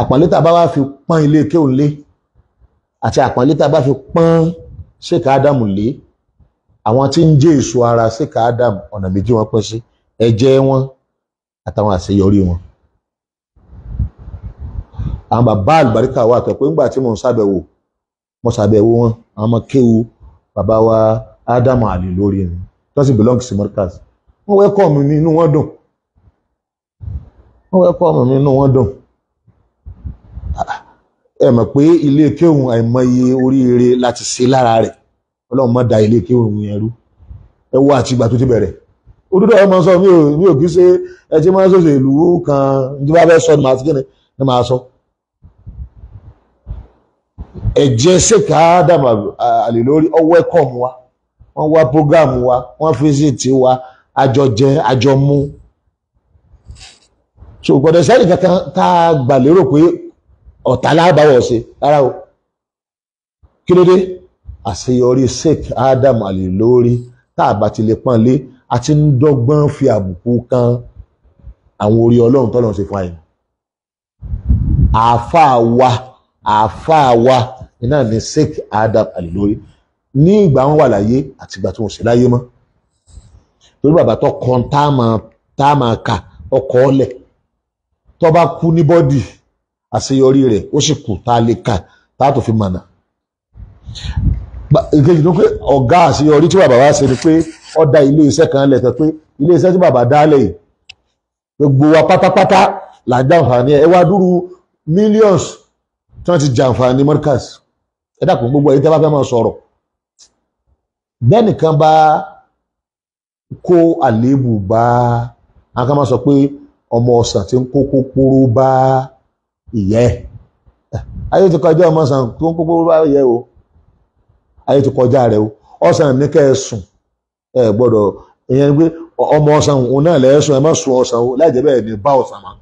àpọ̀nlé tá a bá wá fi pọ́n ilé ìkẹ́ òun àti àpọ̀nlé tá a bá fi pọ́n ṣèkà ádámù lé àwọn tí ń jẹ èso ara síkà Adam ọ̀nà méjì wọn pín sí ẹ̀jẹ̀ wọn àtàwọn àṣeyọrí wọn. àwọn bàbá àlùbáríkà wà tó pé ńgbà tí mò ń ṣàbẹ̀wò mo ṣàbẹ̀wò wọn àwọn ọmọ kéwu bàbá wa Adam àlè lórí ẹni tó sì belong sí Markaz wọ́n wẹ́kọ̀ mi nínú wọn dùn wọ́n wẹ́kọ̀ mi nínú wọn dùn ẹ mọ̀ pé ilé kéwù àìmọye oríire láti ṣe lára rẹ̀ ọlọ́run má da ilé kéwòn òun yẹn rú ẹ wo àti ìgbà tó ti bẹ̀rẹ̀ òdodo ẹ máa sọ mi ò mi ò kí ṣe ẹ ti máa sọ̀sọ̀ ìlú kan ní bá fẹ́ sọ ni màá ti kíni ẹ máa sọ. ẹ̀jẹ̀ ṣèkà ádámù àlè lórí ọwọ́ ẹ̀kọ́ mu wa wọ́n wá prógáàmù wa wọ́n fíṣítì wa àjọjẹ àjọmú ṣògbọ́dọ̀ sẹ́yìn kankan tá a gbà lérò pé ọ̀tá lábàáwọ̀ ṣe rárá o kí ló dé àṣeyọrí Sheikh Adam Ali lórí tá a bá ti lè pọ́nlé a ti ń dọ́gbọ́n fi àbùkù kan àwọn orí ọlọ́run tọ́lọ́run ṣe fún àyìn àáfàá wa àáfàá wa iná ni Sheikh Adam Ali lórí ní ìgbà wọn wà láyé àti ìgbà tí wọn ò sí láyé mọ́ torí bàbá tó kan tá a máa kà ọkọ̀ ọ̀lẹ̀ tó bá kú ní bọ́dì àṣeyọrí rẹ̀ ó sì kù tá a lè kà tá a tó fi mọ̀nà ìkejì tó pé ọ̀gá àṣeyọrí tí bàbá wa ṣe ni pé ó dá ilé iṣẹ́ kan lẹ̀ pé ilé iṣẹ́ tí bàbá dá lẹ̀ gbogbo wa pátápátá là ń jàǹfààní ẹ wá dúró millions tí wọ́n ti jàǹfààní Markaz ẹ dàpọ̀ gbogbo ẹ̀yin tí wọ́n bá fẹ́ máa sọ̀rọ̀ bẹ́ẹ̀ nìkan bá kó àléébù bá àwọn kan máa sọ pé ọmọ ọ̀sán ti ń kó kókóró bá ìyẹ́ ayé ti kọjá ọmọ ọ̀sán tó ń kókóró bá ìyẹ́ o ayé ti kọjá rẹ o ọ̀sán ní kẹ́ ẹ sùn ẹ gbọ́dọ̀ ìyẹn pé ọmọ ọ̀sán òun náà lẹ́ sùn ẹ má sùn ọ̀sán o láì jẹ́ bẹ́ẹ̀ ní bá ọ̀sán mọ́.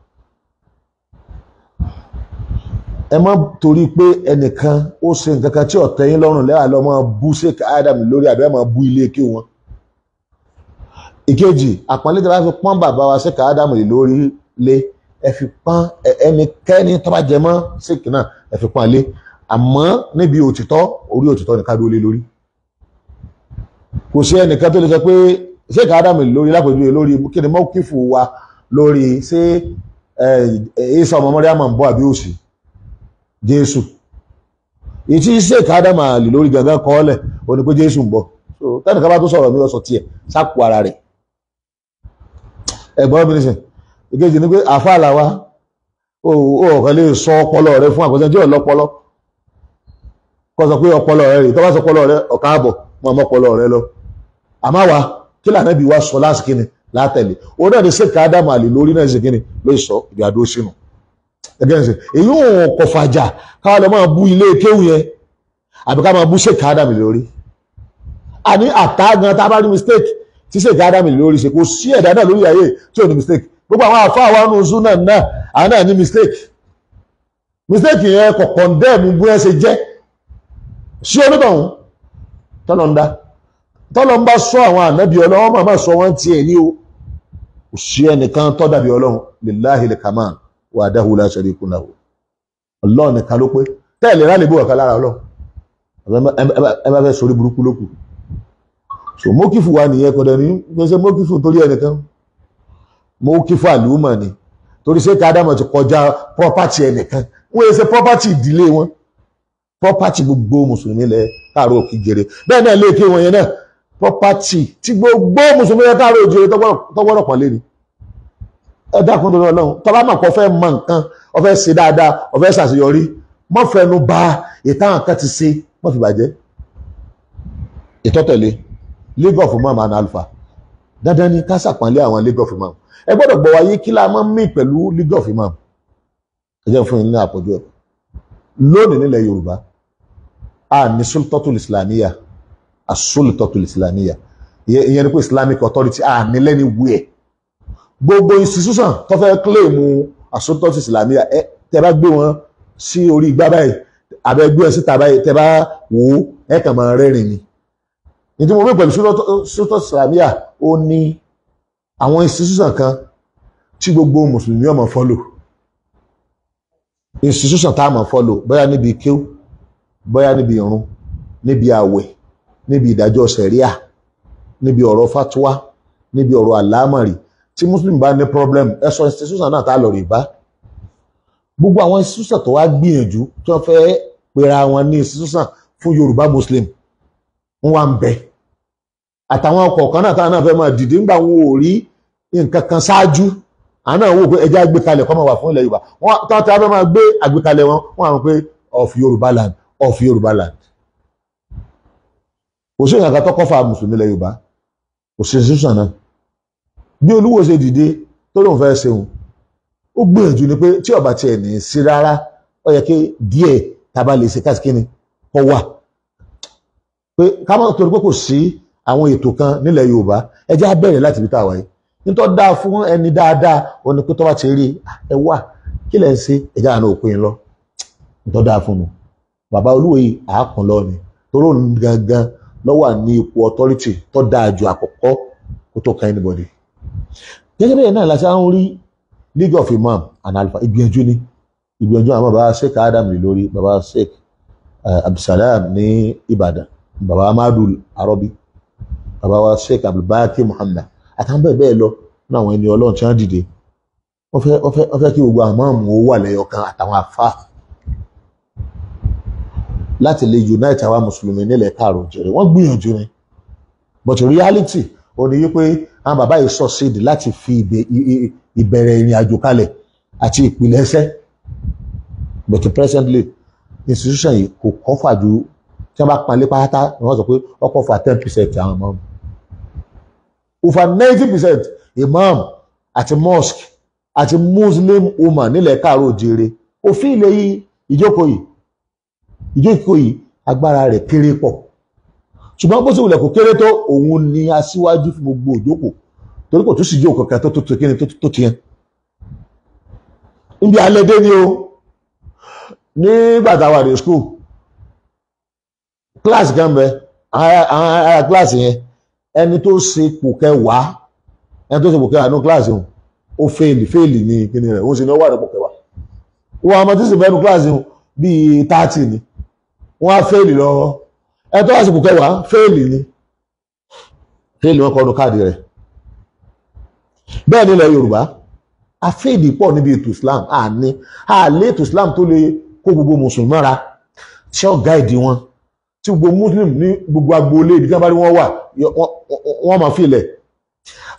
ẹ má torí pé ẹnìkan ó ṣe nǹkan kan tí ó yín lọ́rùn lẹ́wà lọ́ máa bú Sheikh Adam lórí àbẹ́ máa bú ilé kí wọn. ìkejì àpọ́nlé tí a bá fi pọ́n bàbá wa Sheikh Adam lórí lé ẹ fi pọ́n ẹnikẹ́ni tó bá jẹ mọ́ Sheikh náà ẹ fi pọ́n lé àmọ́ níbi òtítọ́ orí òtítọ́ nìkan dúró lé lórí kò sí ẹnìkan tó lè sọ pé ṣé ká ádámù lórí lápèjúwe lórí kí mọ́kífù wa lórí ṣé Ìsá ọmọ Mọ́ríámọ̀ ń bọ́ àbí òsì Jésù ìtí ṣé ká ádámù àlè lórí gangan kọ́ọ́lẹ̀ ó ní pé Jésù ń bọ̀ tẹ́nìkan bá tó sọ̀rọ̀ mi lọ́sọ̀ tiẹ̀ sápò ara rẹ̀ ẹ̀gbọ́n mi nìsín ìkejì ni pé àfáà làwa ó ọ̀kan lè sọ ọpọlọ rẹ fún àkọsẹ́ jẹ́ ọ̀lọ́pọlọ kọ́ sọ pé ọpọlọ rẹ rèé tó bá sọ ọpọlọ rẹ ọ̀ka àbọ̀ wọn mọ ọpọlọ rẹ lọ àmọ́ wa kí lànàbí wa sọ láti kíni látẹ̀lé òun náà ní sèkà ádámù àlè lórí náà ṣe kíni ló sọ ìgbà dúró sínú ẹgbẹ́ ẹ̀sìn èyí ò kọ̀ fàjà káwọn lọ máa bú ilé kéwù yẹn àbí ká máa bú sèkà ádámù lórí àní àtàgàn tá a bá rí mistake tí sèkà ádámù lórí ṣe kò sí ẹ̀dá náà lórí ayé tí ò ní mistake gbogbo àwọn àfa àwọn ọ̀nùsùn náà náà àwọn náà ní mistake mistake yẹn kọ̀ condemn bó yẹn ṣe jẹ́ sí onítọ̀hún tọ́lọ̀ ń dá tọ́lọ̀ ń bá sọ àwọn ànábì ọlọ́wọ́ máa máa sọ wọ́n tiẹ̀ ní o kò sí ẹnìkan tó dàbí ọlọ́run lillahi lẹ́kàmá wà dáhù la shariku lahu ọlọ́run nìkan ló pé tẹ́ẹ̀lì rálẹ̀ bó ọ̀kan lára ọlọ́run ẹ bá fẹ́ sórí burúkú lókù so mókìfù wa nìyẹn kọ́dọ̀ ní gbèsè mókìfù torí ẹnìkan mókìfù àlùmọ̀ ni torí ṣé ká ti kọjá pọ́pátì ẹnìkan wọ́n yẹ ṣe pọ́pátì ìdílé wọn property gbogbo mùsùlùmí lẹ káàró òkìjèrè bẹ́ẹ̀ náà lè ké wọn yẹn náà property tí gbogbo mùsùlùmí lẹ káàró òjèrè tọ́gbọ́dọ̀ pọ̀ lẹ́ni ẹ dákun tó lọ́wọ́ lọ́wọ́ tọ́lá mà kọ́ fẹ́ mọ nǹkan ó ṣe dáadáa ó ṣàṣeyọrí mọ́ fẹnu ba ìtàn kan ti ṣe mọ́ fi bàjẹ́ ìtọ́tẹ̀lé league of imam and alpha dandan ni ká ṣàpọ́nlé àwọn league of imam ẹ gbọ́dọ̀ gbọ́ wáyé kí la máa ń mí pẹ̀lú league of imam ẹ jẹ́ fún yín ní àpọ̀jù ẹ̀ lónìí nílẹ̀ yorùbá a ah, ní sultatul islamiyya asultatul islamiyya ìyẹn ni pé islamic authority a ní lẹ́ni wíẹ̀ gbogbo institution tó fẹ́ claim asultatul islamiyya ẹ tẹ bá gbé wọn sí orí igbá báyìí àbẹ gbé wọn síta báyìí tẹ bá wò ó ẹ kàn máa rẹ́rìn ni ìdí mo rí pẹ̀lú sultatul islamiyya ó ní àwọn institution kan tí gbogbo mùsùlùmí ọmọ fọ́lò institution tá a mọ̀ fọ́lò bóyá níbi kéwù bóyá níbi ìrun níbi àwẹ̀ níbi ìdájọ́ sẹ̀ríà níbi ọ̀rọ̀ fatuwa níbi ọ̀rọ̀ àlámọ̀rì tí muslim bá ní problem ẹ sọ institution náà tá a lọ rè bá gbogbo àwọn institution tó wá gbìyànjú tí wọ́n fẹ́ pera wọn ní institution fún yorùbá muslim ń wá ń bẹ àtàwọn ọkọ̀ kan náà táwọn náà fẹ́ máa dìde ńgbà wọn ò rí nǹkan kan ṣáájú àwọn náà wò pé ẹjẹ́ àgbékalẹ̀ kọ́ máa wà fún ilẹ̀ yorùbá wọ́n táwọn táwọn fẹ́ máa gbé àgbékalẹ̀ wọn wọ́n àwọn pé of yorùbá land of Yorùbá land kò sí ìyàgá tó kọ́fà mùsùlùmí ilẹ̀ Yorùbá kò sí institution náà bí Olúwo ṣe dìde tó lóun fẹ́ ṣeun ó gbìyànjú ni pé tí ọba tiẹ̀ ní í sí rárá ó yẹ kí díẹ̀ tàbá lè ṣe káàkiri kọ wà pé ká má torí pé kò sí àwọn ètò kan nílẹ̀ Yorùbá ẹ jẹ́ láti ibi tá a wáyé nítorí dáa fún ẹni dáadáa òun pé tó ti rí ẹ wà kí lẹ́ ń ṣe ẹ̀já àná òpin lọ nítorí dáa fún un bàbá olúwoyè àákùn lọ ni toró gangan ló wà ní ipò authority tó dáa ju àkọ́kọ́ kó tó kan anybody. gẹ́gẹ́ bẹ́ẹ̀ náà làṣà ń rí league of imam and alfa ìgbìyànjú ni ìgbìyànjú àwọn bàbá sheikh adam lè lórí bàbá sheikh eh, abdulsalam ní ìbàdàn bàbá amadu arabi bàbá wa sheikh abdulbaki muhammad àtàwọn bẹ́ẹ̀ bẹ́ẹ̀ lọ ní àwọn ẹni ọlọ́run tí wọ́n dìde wọ́n fẹ́ kí gbogbo àmọ́ àwọn wà lẹ́yọ̀kan àtàwọn afáà láti lè unite àwa mùsùlùmí nílẹ̀ káàrọ̀ òjèrè wọ́n gbìyànjú ni but reality ò ní wípé àwọn bàbá yìí succeed láti fi ìbẹ̀rẹ̀ ìrìn àjò kalẹ̀ àti ìpìlẹ̀ṣẹ̀ but presently institution yìí kò kọ́ fàájú tí wọ́n bá panlé pátá wọ́n sọ pé ọkọ̀ fà ten percent àwọn imam over ninety percent imam àti mosque àti muslim woman nílẹ̀ káàrọ̀ òjèrè òfin ilé yìí ìjókòó yìí ìjókòó yìí agbára rẹ̀ kéré pọ̀ ṣùgbọ́n bó ṣe wulẹ̀ kó kéré tó òun ni aṣíwájú fún gbogbo òjòkó torí kò tún sì jókòó kankan tó tó kíni tó tiẹ̀ níbi alẹ́ dé ni o nígbà táwa dé school kíláàsì kan bẹ àwọn ará kíláàsì yẹn ẹni tó ṣe pò kẹwàá ẹni tó ṣe pò kẹwàá ní kíláàsì òun ó fèèlì fèèlì ní kíni rẹ̀ òun sì ní ó wà kẹwàá wọn àmọ́ tí sì bẹ́ẹ̀ ní kíláàsì òun bíi táàtì ni wọ́n á fẹ́ẹ̀lì lọ́wọ́ ẹ tó àsìkò kẹwàá fẹ́ẹ̀lì ni fẹ́ẹ̀lì wọn kọ́ ọdún káàdì rẹ̀ bẹ́ẹ̀ nílẹ̀ Yorùbá a fẹ́ẹ̀lì pọ̀ níbi ètò Islam a ní a lé ètò Islam tó lè kó gbogbo mùsùlùmí mọ́ra tí ó gáìdì wọn tí gbogbo muslim ní gbogbo agboolé ibi tí wọ́n bá rí wọ́n wà wọ́n máa fi ilẹ̀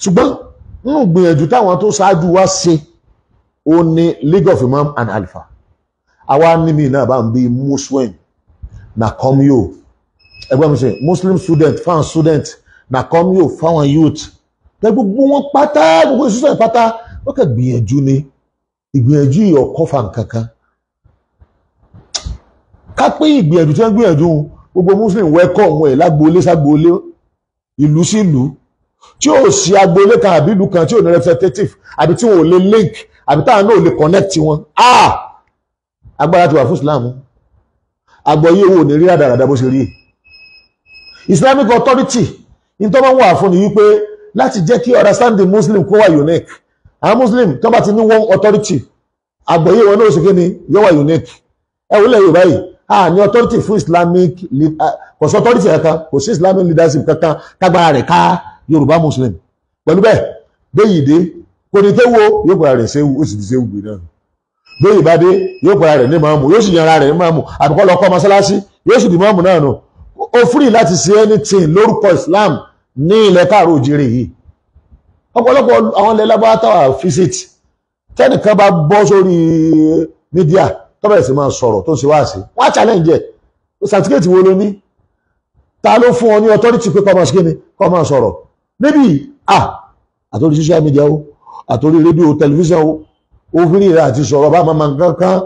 ṣùgbọ́n nínú gbìyànjú táwọn tó ṣáájú wa ṣe ó ní League of Imam and Alpha. àwa níbi náà bá ń bí muslim na come you ẹgbẹ́ mi sè muslim student fan student na come you fan youth tẹ gbogbo wọn pátá gbogbo ìṣúṣẹ́ pátá wọ́n kẹ́ gbìyànjú ni ìgbìyànjú yìí ọkọ̀ fa nǹkan kan ká pé ìgbìyànjú tí wọ́n gbìyànjú gbogbo muslim welcome, wọn ẹ̀ lágboolé ságboolé ìlú sí ìlú tí ó sì agboolé kan àbí ìlú kan tí ò ní representative àbí tí wọn ò lè link àbí táwọn náà ò lè connect wọn ah! agbára ti wà fún Islam àgbọ̀yé owó ní rí àdàràdà bó ṣe rí Islamic Authority ní tó máa ń wà fún ni wípé láti jẹ́ kí understanding Muslim kó wà unique àwọn Muslim tó bá ti ní one authority àgbọ̀yé wọn náà ó sì ké ni yóò wà unique ẹ wọlé Yorùbá yìí a ní authority fún Islamic kò sí authority kankan kò sí Islamic leadership kankan tágbára rẹ̀ ká Yorùbá Muslim pẹ̀lú bẹ́ẹ̀ Déyìdé kò ní kéwo yóò bọ̀ra rẹ̀ séwu ó sì ti séwu gbé náà bẹ́ẹ̀ ìbádé yóò pẹ̀lú rẹ̀ ní máàmù yóò sì yan ara rẹ̀ ní máàmù àbíkọ́ lọ kọ́ mọ́sálásí yóò sì di máàmù náà nù ó fúrì láti ṣe anything lórúkọ Islam ní ilẹ̀ káàró òjìrì yìí ọ̀pọ̀lọpọ̀ àwọn ilẹ̀ lábáwá táwà visit tẹ́nìkan bá bọ́ sórí mídíà tọ́bẹ̀ sí máa sọ̀rọ̀ tó ń ṣe wáàsí wọ́n challenge ẹ̀ certificate wo ló ní ta ló fún ọ ní authority pé kọ́ máa ṣe kíni kọ́ máa sọ̀rọ̀ níbi à àtòrí social media o àtòrí rédíò tẹlifíṣàn o ó ríra àti sọ̀rọ̀ bá máa kankan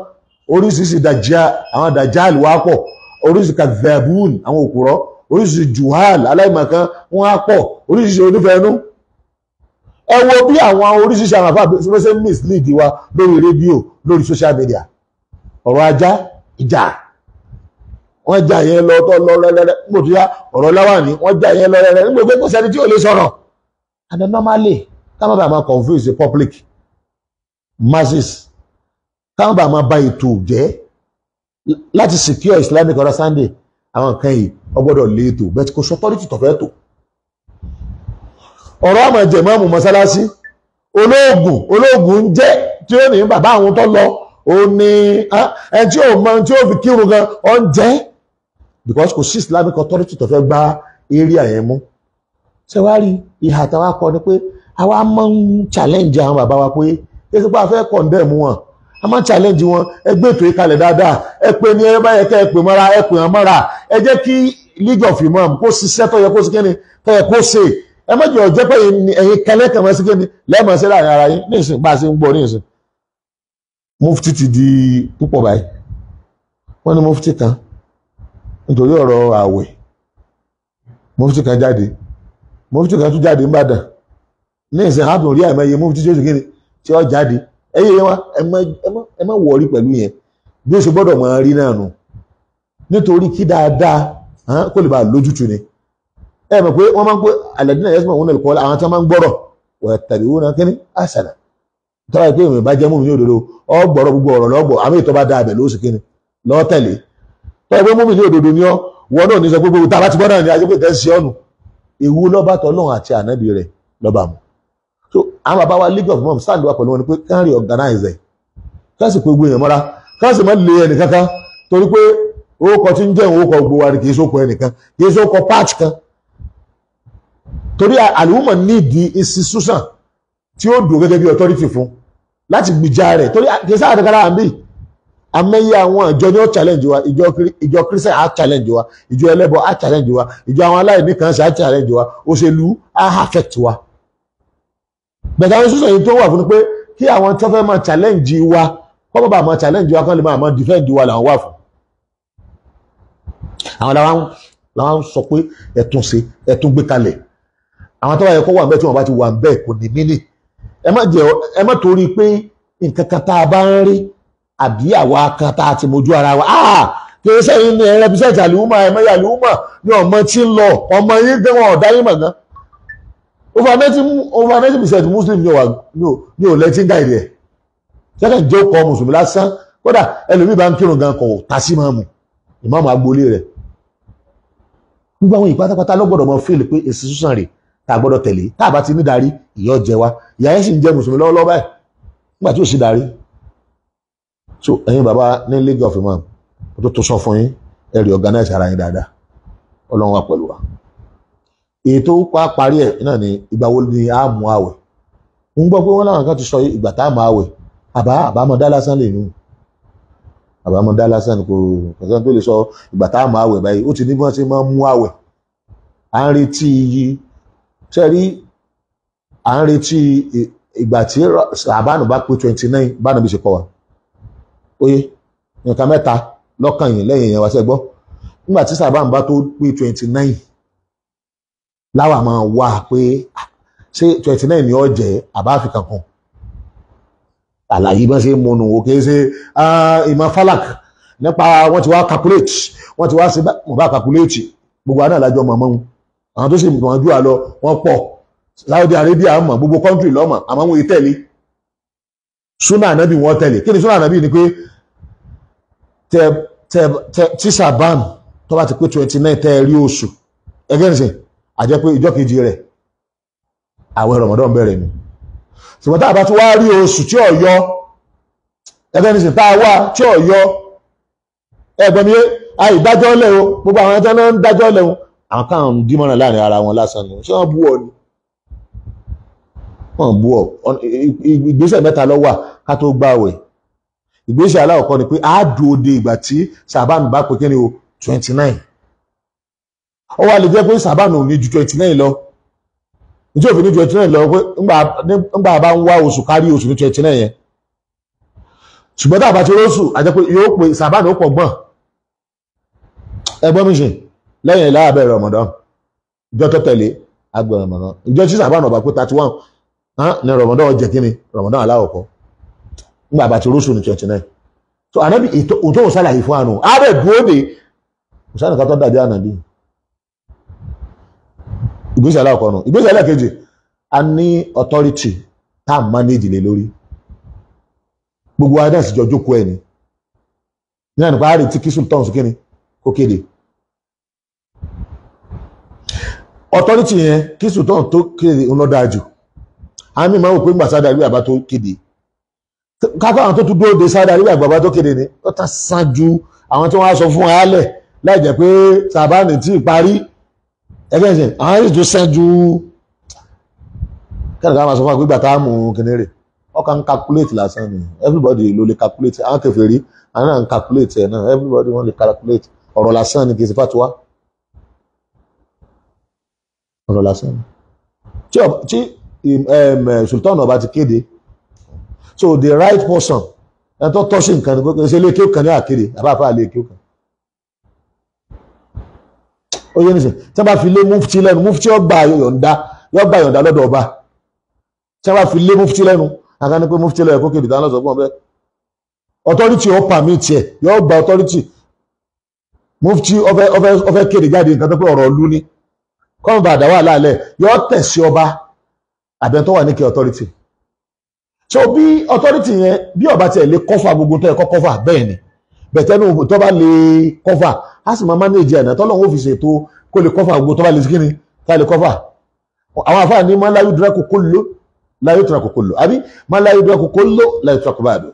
oríṣiríṣi dàjà àwọn dàjàl wá pọ̀ oríṣiríṣi kàdàbùn àwọn òkúrọ̀ oríṣiríṣi juhal aláìmọ̀kan wọ́n á pọ̀ oríṣiríṣi onífẹ̀ẹ́nu ẹ wo bí àwọn oríṣiríṣi àwọn àfáà fẹsẹ̀ mislead wa lórí rédíò lórí social media ọ̀rọ̀ ajá ìjà wọ́n jà yẹn lọ tọ́ lọ rẹ́rẹ́rẹ́ nígbò tó yá ọ̀rọ̀ láwàní wọ́n jà yẹn lọ rẹ́rẹ́rẹ́ nígbò pé kò sẹ́ni tí ò lè sọ̀rọ̀ and normally ká má bàa máa confuse the public masses káwọn bá máa ba ètò jẹ́ láti secure islamic understanding àwọn nǹkan yìí ọgbọ́dọ̀ lè ètò bẹ́ẹ̀ kò sọtọ́rìtì tọ̀fẹ́ tò ọ̀rọ̀ àmọ̀ ẹ̀jẹ̀ mọ́mù mọ́sálásí olóògùn olóògùn ń jẹ́ tí ó ní bàbá àwọn tó lọ ó ní ah, ẹ tí ó mọ tí ó fi kírun gan ọ ń jẹ́ because kò sí islamic authority tó fẹ́ gba area yẹn mú ṣé wàá rí ìhà táwa kọ ni pé àwa máa ń challenge àwọn bàbá wa pé kí sípò àfẹ́ kọ̀ǹdẹ̀mù wọn a máa challenge wọn ẹgbẹ́ ètò ìkalẹ̀ dáadáa ẹ pé ní ẹ bá yẹ kẹ́ ẹ pè mọ́ra ẹ pè wọ́n mọ́ra ẹ jẹ́ kí league of imam kó ṣiṣẹ́ tó yẹ kó sí kíni tó yẹ kó ṣe ẹ má jọ jẹ́ pé ẹ̀yin kẹlẹ́kẹ̀ mọ́ sí kíni lẹ́ẹ̀mọ́ sí láàrin ara yín ní ìsìn bá a ṣe ń gbọ́ ní ìsìn mufti ti di púpọ̀ báyìí wọ́n ní mufti kan nítorí ọ̀rọ̀ àwẹ̀ mufti kan jáde mufti kan tún jáde ń bàdàn ní ìsìn àbùn rí àìmọye mufti tí ó kíni tí ó jáde ẹyẹ yẹn wá ẹ má wọrí pẹ̀lú yẹn bí ó ṣe gbọ́dọ̀ máa rí náà nù nítorí kí dáadáa kó lè bá lójútu ni ẹ mọ̀ pé wọ́n máa ń pé àlẹ́dínà yẹn sọ̀rọ̀ òun náà àwọn tí wọ́n máa ń gbọ́rọ̀ tàbí náà kíní àṣàlà tọ́lá pé ọ gbọ́rọ̀ gbogbo ọ̀rọ̀ lọ́gbọ̀ àmì ìtọ́ bá ọ náà ní sọ gbogbo bá ti gbọ́dọ̀ ní ajé pé tẹ́ sí ọ̀nù lọ́ba àti ànábì rẹ̀ lọ́ba so àwọn bàbá wa league of mom stand wa pẹ̀lú wọn ni pé kán rí organize ẹ̀ kán sì pé gbogbo èèyàn mọ́ra kán sì má lé ẹnìkankan torí pé orúkọ tí ń jẹ́ òun orúkọ gbogbo wa ni kì í sóko ẹnìkan kì í sóko patch kan torí àlùmọ̀ nídìí institution tí ó dùn gẹ́gẹ́ bí authority fún láti gbìjà rẹ̀ torí kì í sáà kankan àmì amẹ́yẹ àwọn ìjọ ni ó challenge wa ìjọ christian á challenge wa ìjọ ẹlẹ́bọ á challenge wa ìjọ àwọn aláìní kan ṣe á challenge wa òṣèlú á affect wa. bẹ̀tà àwọn sísọ yìí tó wà fún pé kí àwọn tó fẹ́ máa challenge wa kọ́ bàbá máa challenge wa kán lè máa máa defend wa làwọn wà fún àwọn làwọn sọ pé ẹ̀tún ṣe ẹ̀tún gbé kalẹ̀ àwọn tó bá yẹ kó wà bẹ́ẹ̀ tí wọ́n bá ti wà bẹ́ẹ̀ kò ní mínì ẹ má torí pé nǹkan kan tá a bá ń rí àbí àwa kan tá a ti mojú ara wa kì í sẹ́yìn ní ẹ̀rẹ́bíṣẹ́ ìtàlùmọ̀ ẹ̀mẹ́yàlùmọ̀ ni ọmọ tí ń lọ ọmọ yín gbẹ́wọ̀n ọ̀dá yín mọ̀ gan-an over ninety over ninety percent muslim ni ò o ò lẹ́tí ń dáìrì ẹ̀ sẹ́kẹ̀ jẹ́ ọkọ̀ mùsùlùmí lásán kódà ẹlòmíì bá ń kírun gan kan ò tasí máa mù ìmáàmù agboolé rẹ̀ gbogbo àwọn ìpátápátá lọ́gbọ̀dọ̀ mọ fíìlì pé èsì sísan rè tá a gbọ́dọ̀ tẹ̀lé tá a bá ti ní darí ìyọ́ jẹ wa ìyá yẹn sì ń jẹ mùsùlùmí lọ́wọ́lọ́wọ́ báyìí nígbà tí ò sí darí so ẹ̀yin bàbá ní league of imam tó tó sọ fún yín ẹ rí organize ara yín dáadáa ọlọ́run wà pẹ̀lú wa ètò pa parí ẹ̀ náà ni ìgbà wo ni a mú àwẹ̀ ń gbọ́ pé wọ́n láwọn kan ti sọ ìgbà tá a mú àwẹ̀ àbá àbámọ̀ dá lásán lè nù àbámọ̀ dá lásán ni kò kọ̀sán tó lè sọ ìgbà tá a mú àwẹ̀ báyìí ó ti ní bí wọ́n ti máa mú àwẹ̀ à ń retí iyì ṣe rí à ń retí ìgbà tí àbánu bá pé twenty nine bánu bí ṣe kọ wa oye nǹkan mẹ́ta lọ́kàn yìí lẹ́yìn ìyẹn wá sẹ́gbọ́ nígbà tí sàbánu bá tó pé twenty nine láwa máa wá pé ah, ṣé twenty nine ni ó jẹ́ àbá àfikàn kan àlàyé bá ṣe mọ̀nù òkè ṣe ìmọ̀ ah, falak nípa wọ́n ti wá calculate wọ́n ti wá ṣe mo bá calculate gbogbo àná àlájọ mọ̀ mọ́hún àwọn tó sì mọ̀ jù àlọ wọ́n pọ̀ Saudi Arabia mọ̀ gbogbo country lọ́mọ̀ àmọ́ wọn tẹ̀lé súnà ànábì wọn tẹ̀lé kí ni súnà ànábì ni pé tẹ tẹ tíṣà bam tó bá ti pé twenty nine tẹ rí oṣù ẹgẹ́rìnsìn àjẹ́ pé ìjọ́ kejì rẹ̀ àwẹ̀ Ramadan bẹ̀rẹ̀ ni ṣùgbọ́n tá a bá tún wá rí oṣù tí ò yọ ẹgbẹ́ ní sìntá wà tí ò yọ ẹgbẹ́ mi àìdájọ́ lẹ̀ o gbogbo àwọn ẹjọ́ náà ń dájọ́ lẹ̀ o àwọn káwọn ń dímọ̀nà láàrin ara wọn lásán ni ṣé wọ́n bú ọ ni wọ́n bú ọ ìgbésẹ̀ mẹ́ta ló wà ká tó gbààwẹ̀ ìgbésẹ̀ aláwọ̀kọ́ ni pé àádùn òde ìgbà tí sàbánu bá pè kí ni o twenty nine ó wà lè jẹ́ pé sàbánù ní ju twenty lọ ìjọ òfin ní twenty nine lọ nígbà bá ń wá oṣù kárí oṣù ní twenty yẹn ṣùgbọ́n tá a rọ́ṣù yóò sàbánù pọ̀ gbọ́n ẹgbọ́n lẹ́yìn ìjọ tó tẹ̀lé ìjọ tí sàbánù ọba pé ọjẹ́ aláwọ̀kọ́ bá ti rọ́ṣù ní ìgbésẹ̀ alákọ̀ọ́nù ìgbésẹ̀ alákejì a ní authority tá a manage lé lórí gbogbo adá sì jókòó ẹ̀ ni ní àná pa á kí sultan sókè ni kó kéde authority yẹn kí sultan tó kéde ń lọ dáa jù àmì máa ń wò pé ń gbà rí àbá tó kéde kákọ́ àwọn tó tún dóde sáadà rí àgbàbá tó kéde ni ó ta ṣáájú àwọn tí wọ́n á sọ fún wa álẹ̀ láì jẹ́ pé sàbáàní tí ì parí ẹgbẹ́ ìsìn àwọn ẹ̀rí tó sẹ́jú kẹ́nìkan máa sọ fún àgbégbà tá a mú kìnìún rè ọkà ń calculate lásán ni everybody ló lè calculate àwọn kèfèrí àwọn náà ń calculate ẹ̀ náà everybody wọ́n lè calculate ọ̀rọ̀ lásán ni kì í ṣe fàtiwá ọ̀rọ̀ lásán ni tí eh, sultan ọba ti kéde so the right person ẹ̀ tó tọ́ sí nǹkan ni pé ṣe lè kí ó kàn ní àkéde àbáfà lè kí ó kàn ó yẹ nísìn tí wọ́n bá fi lé mufti lẹ́nu mufti ọgbà yọ̀ǹda yọ̀ǹda yọ̀ǹda lọ́dọ̀ ọba tí wọ́n bá fi lé mufti lẹ́nu àgbà pé mufti lẹ́yìn kókè ìdílé lọ́sọ̀ fún ọ bẹ́ẹ̀ authority ó permit ẹ̀ gba authority mufti ọfẹ ọfẹ ọfẹ kéde jáde nǹkan tó pé ọ̀rọ̀ ọlú ni kọ́mọ̀ bá àdáwà láàlẹ̀ yọ tẹ̀sí ọba àbẹ tó wà ní kí authority so bí authority yẹn bí ọba tiẹ̀ lè kọ́fà gbogbo tó yẹ kọ́ kọ́fà bẹ́ẹ̀ ni bẹ̀tẹ́nu tó bá lè kọ́fà a sì máa manage ẹ̀nà tọ́lọ́run ó fi ṣètò kó lè kọ́fà gbogbo tó bá lè sí kíni tá a lè kọ́fà àwọn àfáà ní máa láyé dúró kókó ló láyé tó ra kókó ló àbí máa láyé dúró kókó ló láyé tó ra kókó bá dùn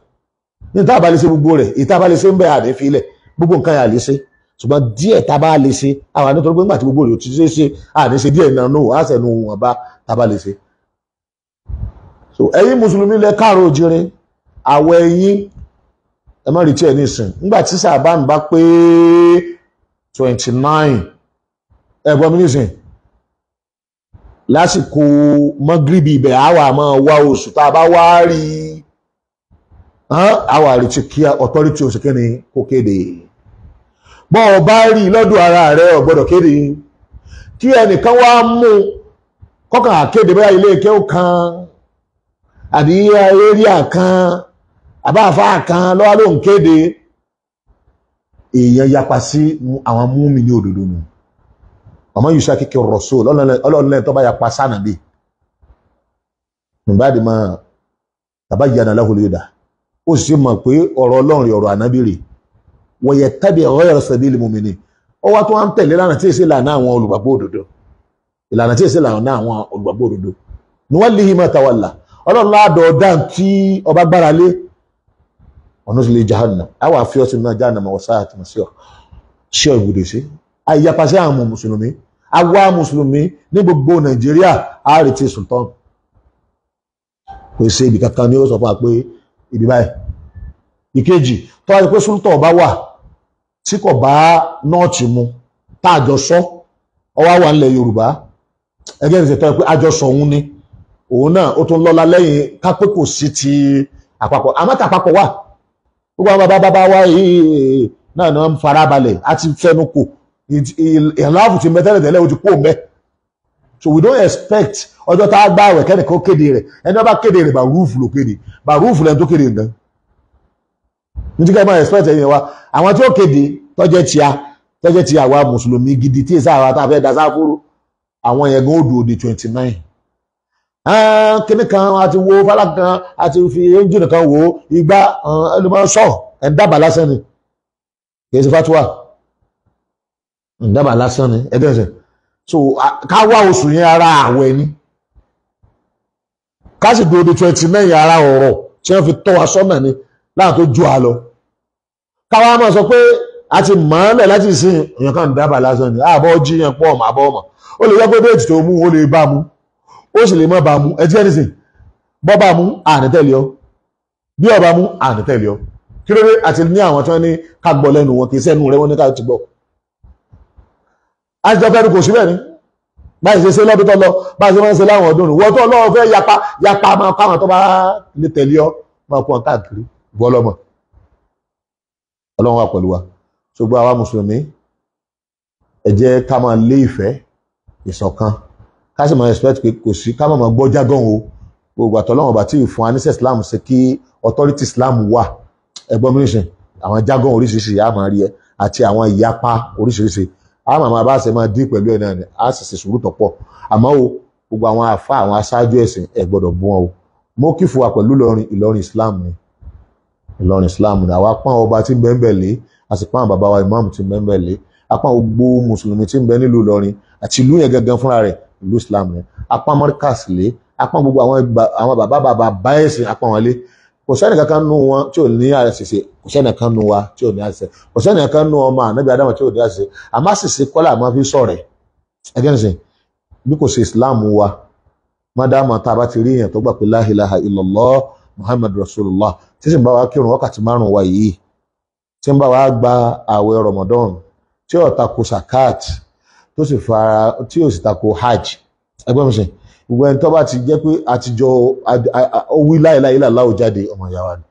ní tá a bá lè ṣe gbogbo rẹ̀ ìta bá lè ṣe ń bẹ́ àdé fi ilẹ̀ gbogbo nǹkan yà lè ṣe ṣùgbọ́n díẹ̀ tá bá lè ṣe àwọn ànítorí pé nígbà tí gbogbo rẹ̀ ò ti ṣe ṣe àní ṣe díẹ̀ náà náà àṣẹ so ẹ̀yin mùsùlùmí lẹ káàrọ̀ òjìrì àwọ̀ ẹ̀yin ẹ má retí ẹ̀ ní bá pé twenty nine ẹ̀gbọ́n mi nìsín lásìkò mọ́gìrìbì ibẹ̀ àwa máa wá oṣù tá a bá wá rí àwa rí ti kí authority oṣù kínní kó kéde bọ́ ọ bá rí lọ́dọ̀ ara rẹ ò gbọ́dọ̀ kéde kí ẹnìkan wá mú kọ́kàn àkéde bóyá ilé ìkẹ́wò kan àbí eréà kan àbáfáà kan lọ́wọ́ ló ń kéde èèyàn yapa sí àwọn múmi ní òdodo nù ọmọ yìí sá kíkẹ́ rasul ọlọ́ọ̀lẹ́ tó bá yapa sánà bí nùbá dìmọ̀ tàbá yìí àná lahul huda ó sì mọ̀ pé ọ̀rọ̀ ọlọ́run ọ̀rọ̀ ànábìrì wọ̀yẹ̀ tàbí ghayra sabilil mu'minin ó wá tó wá ń tẹ̀lé lánàá tí èsì lànà àwọn olùgbàgbọ́ òdodo ìlànà tí èsì lànà àwọn olùgbàgbọ́ òdodo nuwallihi ma tawalla ọlọ́run ládọ̀ọ́dá tí ọba gbára lé ọ̀nà sì lè jahannam àwọn àfihàn sí náà jahannam wọ̀ sáà àti màsíọ̀ sí ọ̀gbùdè sí àyàpá sí àwọn mùsùlùmí àwa mùsùlùmí ní gbogbo nàìjíríà á sultan kò sí ibì kankan ni ó sọ fún wa pé ibi báyìí ìkejì tó wáyé pé sultan bá wà tí kò bá nọ́ọ̀tì mu tá a jọ sọ ọwá wà nílẹ̀ yorùbá ẹgbẹ́ ìṣètò ẹ pé a jọ sọ òun ni òun náà ó tún lọ́lá lẹ́yìn kápẹ́ sí ti àpapọ̀ àmọ́tà àpapọ̀ wà gbogbo àwọn bàbá bàbá wa náà náà ń farabalẹ̀ àti fẹnu kò ìlànà ti mẹ́tẹ́lẹ̀ tẹ́lẹ̀ o ti kú òun so we don't expect ọjọ́ tá a gbá àwẹ̀ kẹ́nìkan kéde rẹ̀ ẹni wọ́n bá kéde rẹ̀ bàrúfù ló kéde bàrúfù lẹ́nu tó kéde nǹkan ní tíkẹ́ máa expect ẹ̀yẹ wa àwọn tí ó kéde tọ́jẹ́ tíya tọ́jẹ́ tíya wa mùsùlùmí gidi tí èsà àwa tá a fẹ́ dasá kúrò àwọn yẹn gan ó òde twenty nine Ah, kíní kan àti wo fálá kan àti fi ẹ́ńjìnì kan wo igba ah, ẹlòmọ́sọ̀ ẹ̀ńdàbà lásán ni kìí ṣe fatuwa ẹ̀ńdàbà lásán ni ẹ̀dẹ́sẹ̀ so ká wá oṣù yẹn ara àwẹ̀ ni ká sì dúró de twenty nine ara ọ̀rọ̀ tí wọ́n fi tọ́ wa sọ́nà ni láàrín tó ju àlọ́ káwa máa sọ pé a ti mọ̀ọ́lẹ̀ láti sìn èèyàn kan dábàá lásán ni àbọ̀ jí yẹn pọ̀ ọmọ àbọ̀ ọmọ ó lè yọ pé déètì tó mú ó lè bá mu ó sì lè mọ́ bá mú ẹtí ẹnìsìn bọ́ bá mú àní tẹ̀lé ọ bí ọba mú àní tẹ̀lé ọ kí ló dé àti ní àwọn tí wọ́n ní ká gbọ́ lẹ́nu wọn kì í sẹ́nu rẹ wọ́n ní ká ti gbọ́. àti ọ̀fẹ́ kò sí bẹ́ẹ̀ ni báyìí ṣe ṣe lọ́dún tó lọ báyìí ṣe máa ń ṣe láwọn ọdún wọ́n tó lọ́wọ́ fẹ́ yapa yapa máa káwọn tó bá lè tẹ̀lé ọ máa kú ọ̀n káàkiri bọ́ lọ́mọ ọlọ́run wà pẹ̀lú wa ṣùgbọ́n àwa mùsùlùmí ẹ ká máa lé ìfẹ́ ìṣọ̀kan ká sì máa expect pé kò sí ká máa gbọ́ jágán o gbogbo àtọ́lọ́wọ̀n bá tí ì Islam ṣe kí authority Islam wà ẹgbọ́n mi nìṣẹ́ àwọn jágán oríṣiríṣi á máa rí ẹ àti àwọn ìyapa oríṣiríṣi á máa máa bá ṣe máa dín pẹ̀lú ẹ̀ náà ni á sì ṣe sùúrù tó pọ̀ àmọ́ o gbogbo àwọn àfa àwọn aṣáájú ẹ̀sìn ẹ̀ gbọ́dọ̀ bú wọn o mo kì fún wa pẹ̀lú Ìlọrin Ìlọrin Islam ni Ìlọrin Islam ni àwa pọ́n ọba tí ń bẹ ń bẹ lé a sì pọ́n bàbá wa imam tí ń bẹ ń bẹ lé apá gbogbo mùsùlùmí tí ń bẹ nílùú Ìlọrin àti ìlú yẹn gangan fúnra rẹ̀ ìlú islam yẹn apá mọ́ríkàs lé apá gbogbo àwọn bàbá bàbá bá ẹ̀sìn apá wọn lé kò sẹ́ni kankan nù wọn tí ò ní àṣìṣe kò sẹ́ni kankan nù wa tí ò ní àṣìṣe kò sẹ́ni kankan nù ọmọ ànábì adamu tí ò ní àṣìṣe àmọ́ àṣìṣe kọ́lá àmọ́ fi sọ̀rẹ̀ ẹgẹ́nsìn bí kò ṣe islam wa mádàmá tá a bá ti rí èèyàn tó gbà pé la ilaha illallah muhammad rasulullah tí sì ń bá wa kírun wákàtí márùn wa yìí tí ń bá wa gba ààwẹ̀ ramadan tí ó tako zakat tó sì fara tí ò sì tako hajj ẹgbẹ́ mi sìn gbogbo ẹni tó bá ti jẹ́ pé àtijọ́ owí láìláì làláwò jáde ọmọ ìyá wa ni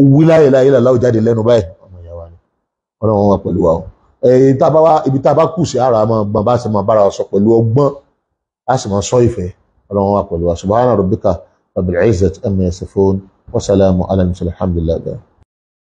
owí láìláì làláwò jáde lẹ́nu báyìí ọmọ ìyá wa ni ọlọ́run wa pẹ̀lú wa o ẹ̀yìn tá a bá wá ibi tá a bá kù sí ara mọ́ ọgbọ́n bá sì máa bára sọ pẹ̀lú ọgbọ́n a sì máa sọ ìfẹ́ ọlọ́run wa pẹ̀lú wa subhana rabbika rabbil izzati amma yasifun wa salamu ala mursalin alhamdulillah.